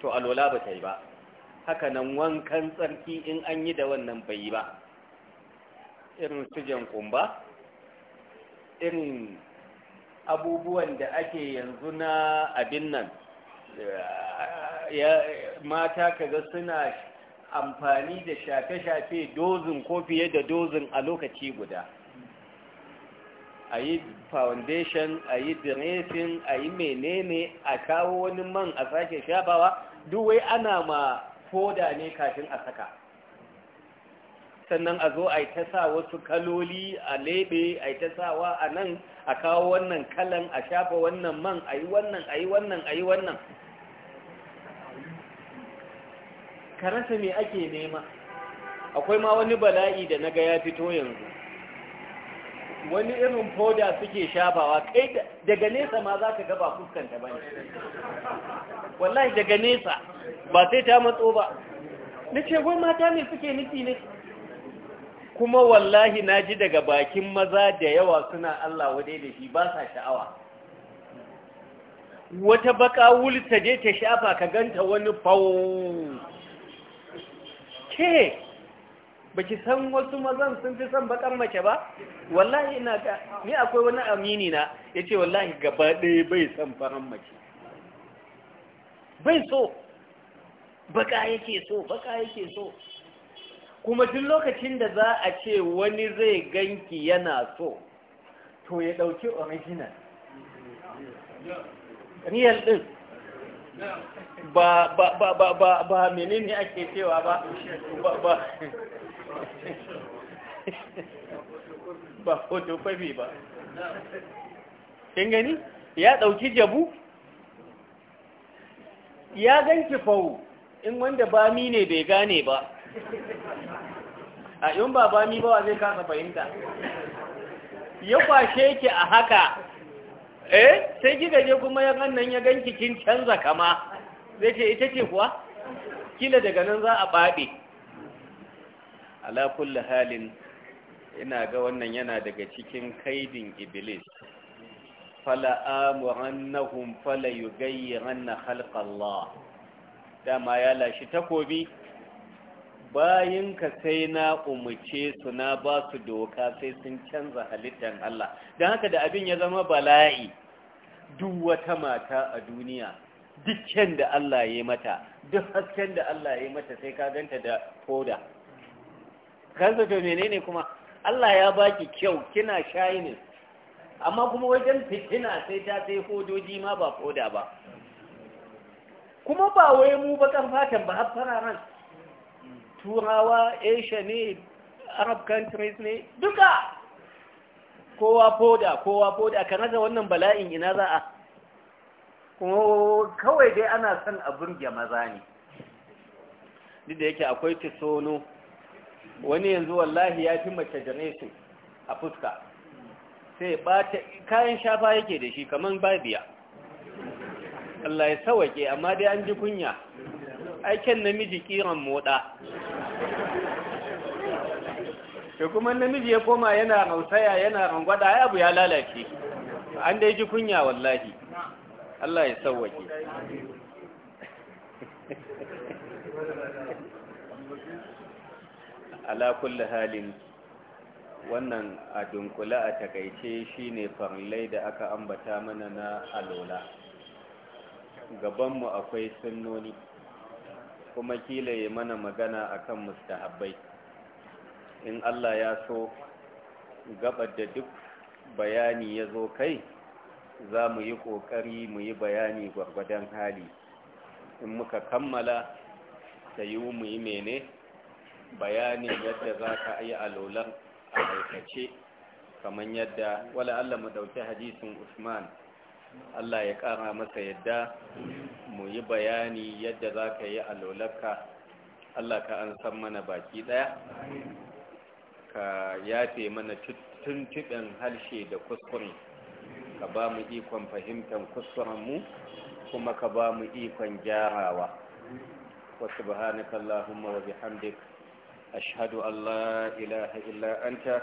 to alwala ba ta yi ba haka nan wankan tsarki in an yi da wannan bai yi ba irin sujan kumba irin abubuwan da ake yanzu na abin nan mata kaga suna amfani da shafe-shafe dozin ko fiye da dozin a lokaci guda a yi foundation a yi dressing a yi menene a kawo wani man a sake shafawa duk wai ana ma foda ne kafin a saka sannan a zo a yi ta sa wasu kaloli a lebe a yi ta sawa a nan a kawo wannan kalan a shafa wannan man a yi wannan a yi wannan a yi wannan karasa me ake nema akwai ma wani bala'i da na ga ya fito yanzu wani irin foda suke shafawa kai daga nesa ma za ka gaba fuskanta ba ne wallahi daga nesa ba sai ta matso ba na ce wai mata ne suke nufi ne kuma wallahi na ji daga bakin maza da yawa suna Allah wadai da shi ba sa sha'awa wata baka wulta je ta shafa ka ganta wani fawo ke baki san wasu mazan sun fi son bakar mace ba wallahi ina ga ni akwai wani amini na ce wallahi gaba ɗaya bai son faran mace bai so baka yake so baka yake so kuma tun lokacin da za a ce wani zai ganki yana so to ya ɗauki original real ɗin. ba menene ake cewa ba ba ba ba ba ya ɗauki jabu ya ganki fawo in wanda bami ne bai gane ba a yun ba bami ba zai kasa fahimta ya kwashe ki a haka eh sai kika je kuma ya nan ya ganki kin canza kama zai ce ita ce kuwa kila daga nan za a baɗe alakulli halin ina ga wannan yana daga cikin kaidin iblis fala amurannahum fala yughayyiranna khalqa dama ya lashi takobi bayinka sai na umarce su na ba su doka sai sun canza halittar Allah don haka da abin ya zama bala'i duk wata mata a duniya dukkan da Allah ya mata duk hasken da Allah ya mata sai ka ganta da koda kansa to menene kuma Allah ya baki kyau kina shining amma kuma wajen fitina sai ta sai hodoji ma ba koda ba kuma ba wai mu kan fatan ba har fararan turawa asia ne arab countries ne duka kowa foda kowa foda kan haka wannan bala'in ina za a kawai dai ana son abin ya maza ne duk da yake akwai tisono wani yanzu wallahi ya fi mace janesu a fuska sai bata kayan shafa yake da shi kamar babiya Allah ya sawake amma dai an ji kunya aiken namiji kiran moda to kuma namiji ya koma yana rausaya yana rangwada ya abu ya lalace an dai ji kunya wallahi Allah ya sauwake ala kulli halin wannan a dunkula a takaice shine farlai da aka ambata mana na alola gabanmu akwai sunnoni kuma kila ya mana magana akan mustahabbai in Allah ya so gabar da duk bayani ya zo kai za mu yi ƙoƙari mu yi bayani gwargwadon hali in muka kammala ta yi mu yi mene bayanin yadda za ka yi alolan a aikace kamar yadda wala Allah mu ɗauki hadisin usman Allah ya ƙara masa yadda mu yi bayani yadda za ka yi alolaka Allah ka an san mana baki ɗaya ka yafe mana tuntuɓin harshe da kuskure ka ba mu ikon fahimtar kuskurenmu kuma ka ba mu ikon gyarawa wasu bahanaka Allahumma wa hamdik ashhadu Allah ilaha illa anta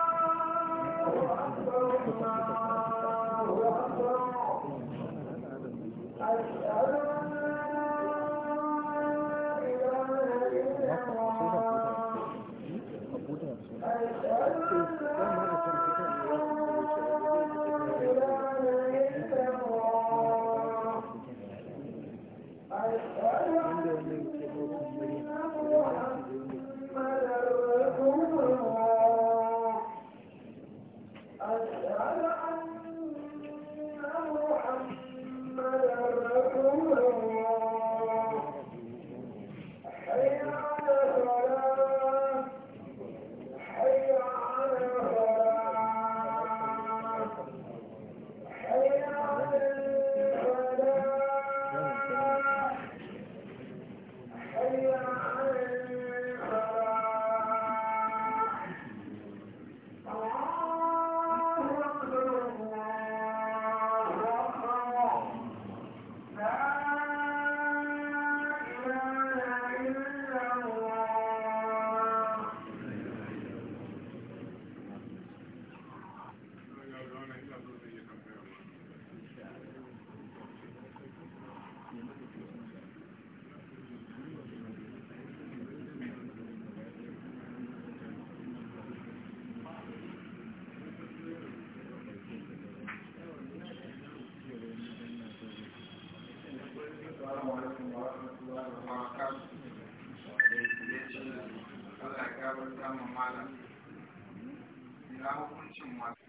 hukuncin wasu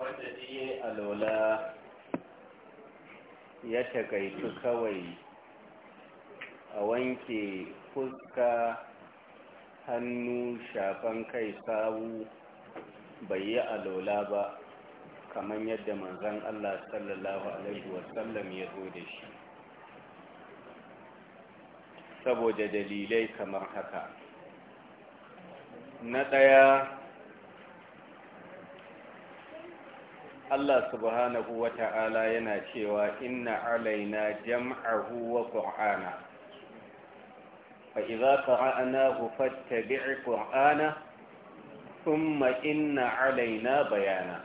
wanda alola ya takaitu kawai a wanke fuska hannu shafan kai sawu bai yi alola ba kamar yadda manzan Allah sallallahu Alaihi wasallam ya zo da shi saboda dalilai kamar haka na ɗaya Allah subhanahu wa ta'ala yana cewa inna alaina jam'ahu wa qur'ana fa idza qara'nahu fattabi' qur'ana thumma inna alaina bayana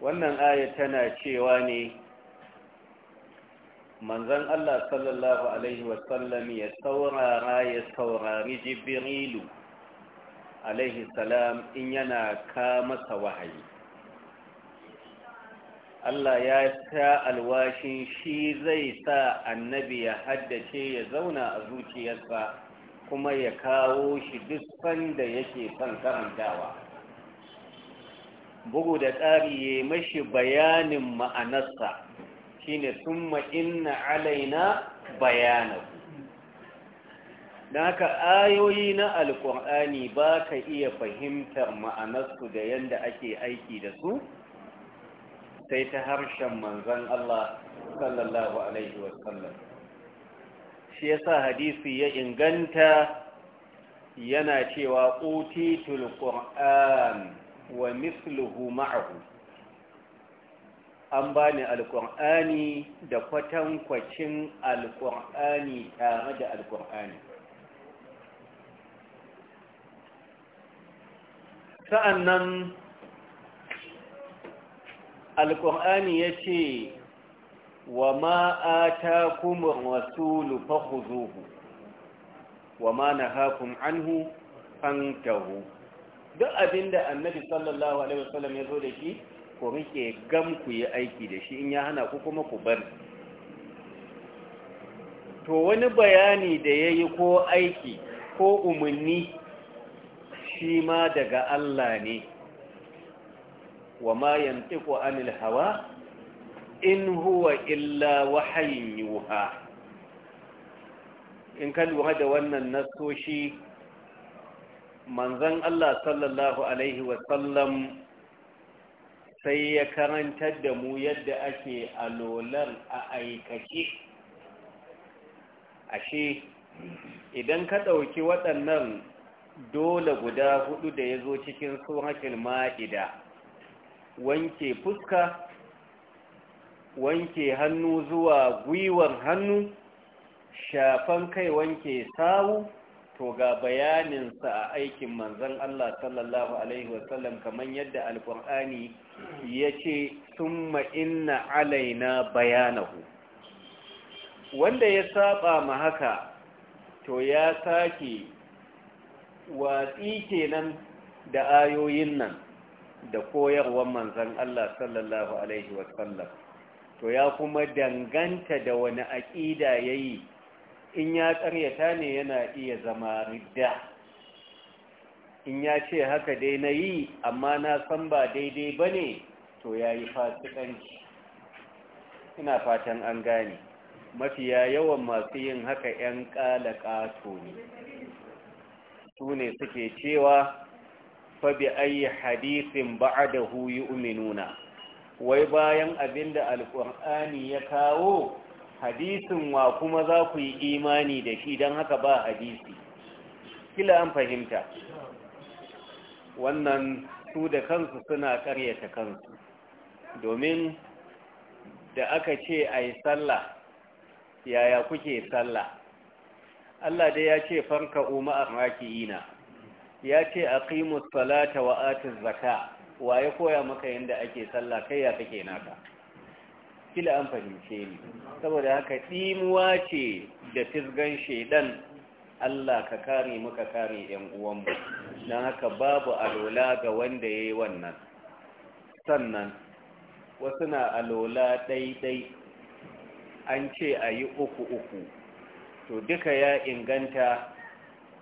wannan aya tana cewa ne manzon Allah sallallahu alaihi wasallam ya saurara ya saurari jibrilu alaihi salam in yana ka masa wahayi Allah ya ta alwashin shi zai sa annabi ya haddace ya zauna a zuciyarsa kuma ya kawo shi duk sanda yake son karantawa bugu da tsari ya mashi bayanin ma'anarsa shine summa inna alaina bayanahu don haka ayoyi na alkur'ani ba ka iya fahimtar ma'anarsu da yadda ake aiki da su sai ta harshen manzan Allah sallallahu Alaihi wasallam shi ya sa hadisi ya inganta yana cewa utitul ƙur'an wa misluhu ma'ahu an ba ni alƙur'ani da kwatankwacin alƙur'ani tare da alƙur'ani sa'annan alƙur'ani ya ce wa ma'ata kuma wasu fahuzuhu wa ma na hakun anhu fantahu duk abinda annabi sallallahu alaihi wasallam ya zo da shi ku rike gam ku yi aiki da shi in ya hana ku kuma ku bar to wani bayani da ya yi ko aiki ko umarni shi ma daga Allah ne wa ma yantiku anil hawa in huwa illa wahayin yuha in ka lura da wannan nasoshi manzan Allah sallallahu Alaihi wasallam sai ya karantar da mu yadda ake alolar a aikace ashe idan ka ɗauki waɗannan dole guda hudu da ya zo cikin suratul ma'ida wanke fuska wanke hannu zuwa gwiwar hannu shafan kai wanke sawu to ga bayaninsa a aikin manzan Allah sallallahu alaihi wasallam kamar yadda alkur'ani ya ce sun ma'ina alaina bayanahu wanda ya saba ma haka to ya sake watsi kenan da ayoyin nan da koyarwar manzan Allah sallallahu Alaihi wasallam to ya kuma danganta da wani aƙida ya yi in ya ƙaryata ne yana iya zama ridda in ya ce haka dai na yi amma na san ba daidai ba ne to ya yi fasikanci ina fatan an gane mafiya yawan masu yin haka 'yan ƙalaƙato ne su ne suke cewa fabi ayi hadisin ba'adahu yu'minuna wai bayan abinda alkur'ani ya kawo hadisin wa kuma za ku yi imani da shi don haka ba hadisi kila an fahimta wannan su da kansu suna karyata kansu domin da aka ce a yi sallah yaya kuke sallah Allah dai ya ce farka umar raki'ina ya ce a ƙimus salata wa atin zaka wa ya koya maka yadda ake sallah kai ya kake naka kila an fahimce ni saboda haka tsimuwa ce da fisgan shaidan Allah ka kare muka kare ‘yan uwanmu, don haka babu alola ga wanda ya yi wannan. Sannan, wasu na alola ɗaiɗai, an ce a yi uku-uku, to duka ya inganta,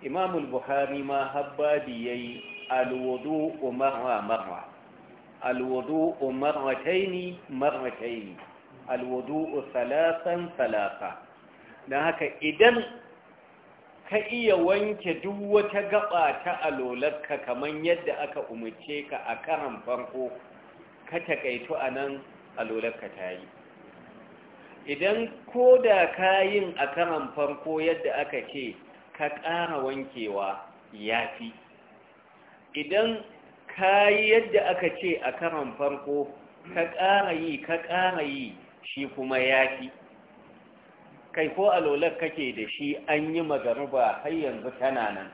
Imamul Buhari ma habbabi ya yi alwudu umarwa-marwa, alwudu umarwataini marwataini, alwudu salasan salasa. Don haka idan ka iya wanke duk wata gaba ta alolarka kamar yadda aka umarce ka a karan farko ka takaitu a nan alolarka ta yi idan ko da ka kayin a karan farko yadda aka ce ka ƙara wankewa ya fi idan ka yi yadda aka ce a karan farko ka ƙara yi ka ƙara yi shi kuma ya fi kai ko alolar kake da shi an yi magaruba har yanzu tana nan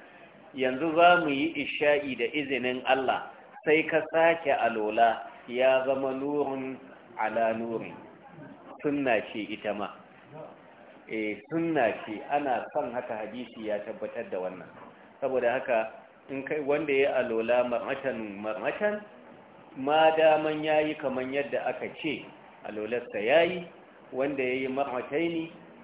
yanzu za mu yi isha'i da izinin Allah sai ka sake alola ya zama nurin ala nurin sunna ce ita ma e sunna ce ana son haka hadisi ya tabbatar da wannan saboda haka in kai wanda ya alola marmatan marmatan ma daman yayi kaman yadda aka ce alolarsa yayi wanda yayi marmataini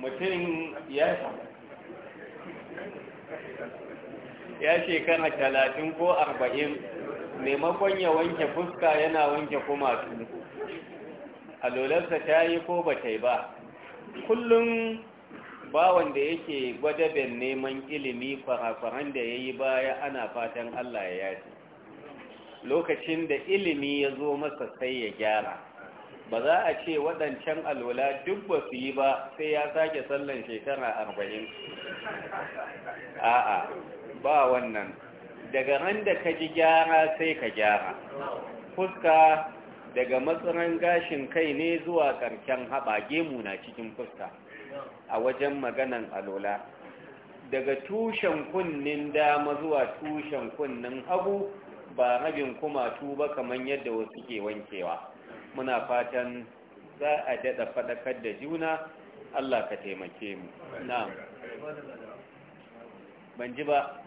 mutum ya shekara talatin ko arba'in maimakon ya wanke fuska yana wanke kumatu alolarsa ta yi ko ba ta yi ba kullum bawan da yake gwadaben neman ilimi kwarakwaran da ya yi baya ana fatan allah ya yaji lokacin da ilimi ya zo masa sai ya gyara ba za a ce waɗancan alwala duk ba su yi ba sai ya sake sallan shekara arba'in a'a ba wannan daga ran da ka ji gyara sai ka gyara fuska daga matsarin gashin kai ne zuwa ƙarshen haɓa gemu na cikin fuska a wajen maganan alola daga tushen kunnin dama zuwa tushen kunnin hagu ba rabin kumatu ba kamar yadda wasu ke wankewa muna fatan za a daɗa faɗakar da juna Allah ka taimake mu na'am ban ji ba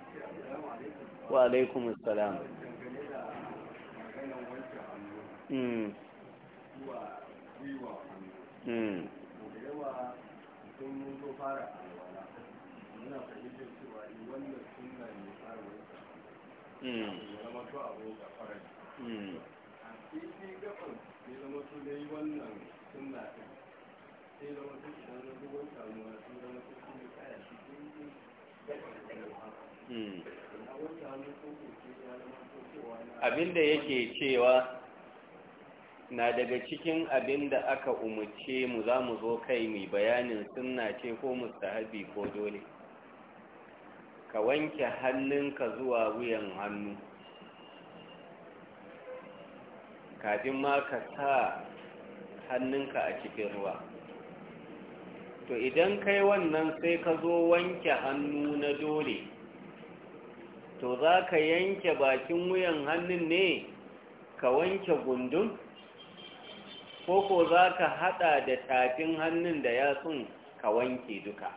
wa alaikum assalam mm mm mm Abin da ya zama abinda yake cewa na daga cikin abin da aka umarce mu za mu zo kai mai bayanin sunna ce ko mustahabi ko dole ka wanke hannunka zuwa wuyan hannu kafin ma ka sa hannunka a cikin ruwa to idan kai wannan sai ka zo wanke hannu na dole to za ka yanke bakin wuyan hannun ne ka wanke gundun Ko za ka hada da tafin hannun da yatsun ka wanke duka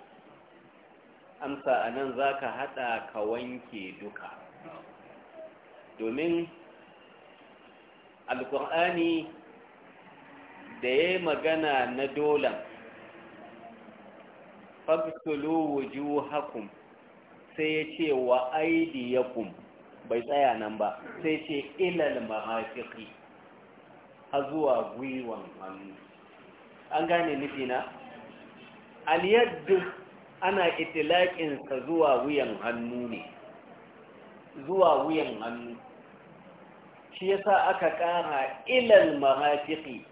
amsa anan za ka hada ka wanke duka domin alkur'ani da ya magana na dola fabtulu wujuhakum sai ya ce wa aidiyakum bai tsaya nan ba sai ce ilal ma'afiki ha zuwa gwiwan hannu an gane nufina aliyaddu ana itilaƙinsa zuwa wuyan hannu ne zuwa wuyan hannu shi yasa aka ƙara ilal marafiki,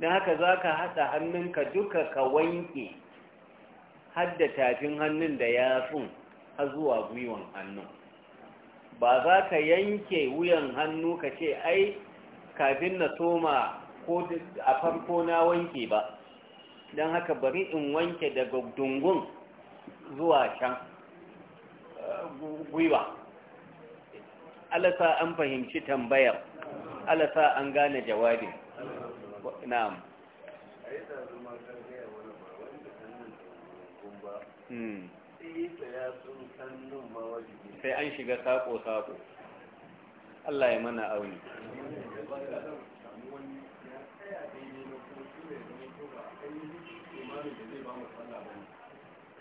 don haka za ka haɗa hannunka duka ka wanke hadda tafin hannun da ya sun har zuwa gwiwan hannun ba za ka yanke wuyan hannu ka ce ai kafin na soma ko a farko na wanke ba don haka bari in wanke daga dungun zuwa can eh, gwiwa alasa an fahimci tambayar alasa an gane jawabin na'am hmm. sai an shiga sako-sako Allah ya mana auni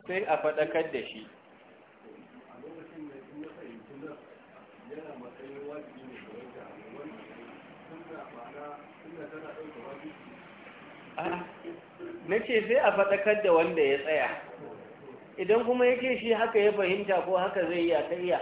sai a faɗakar da shi na ce sai a faɗakar da wanda ya tsaya idan kuma ya shi haka ya fahimta ko haka zai iya ta iya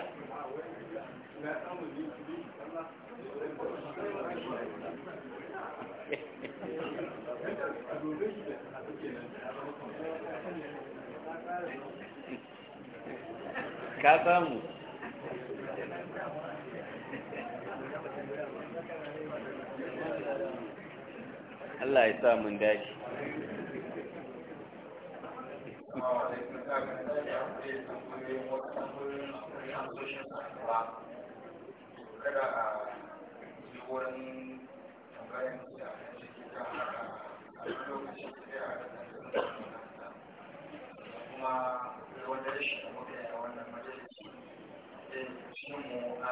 ka samu Allah ya sa mun dashi kada ya wannan majalisi eh, shi mu a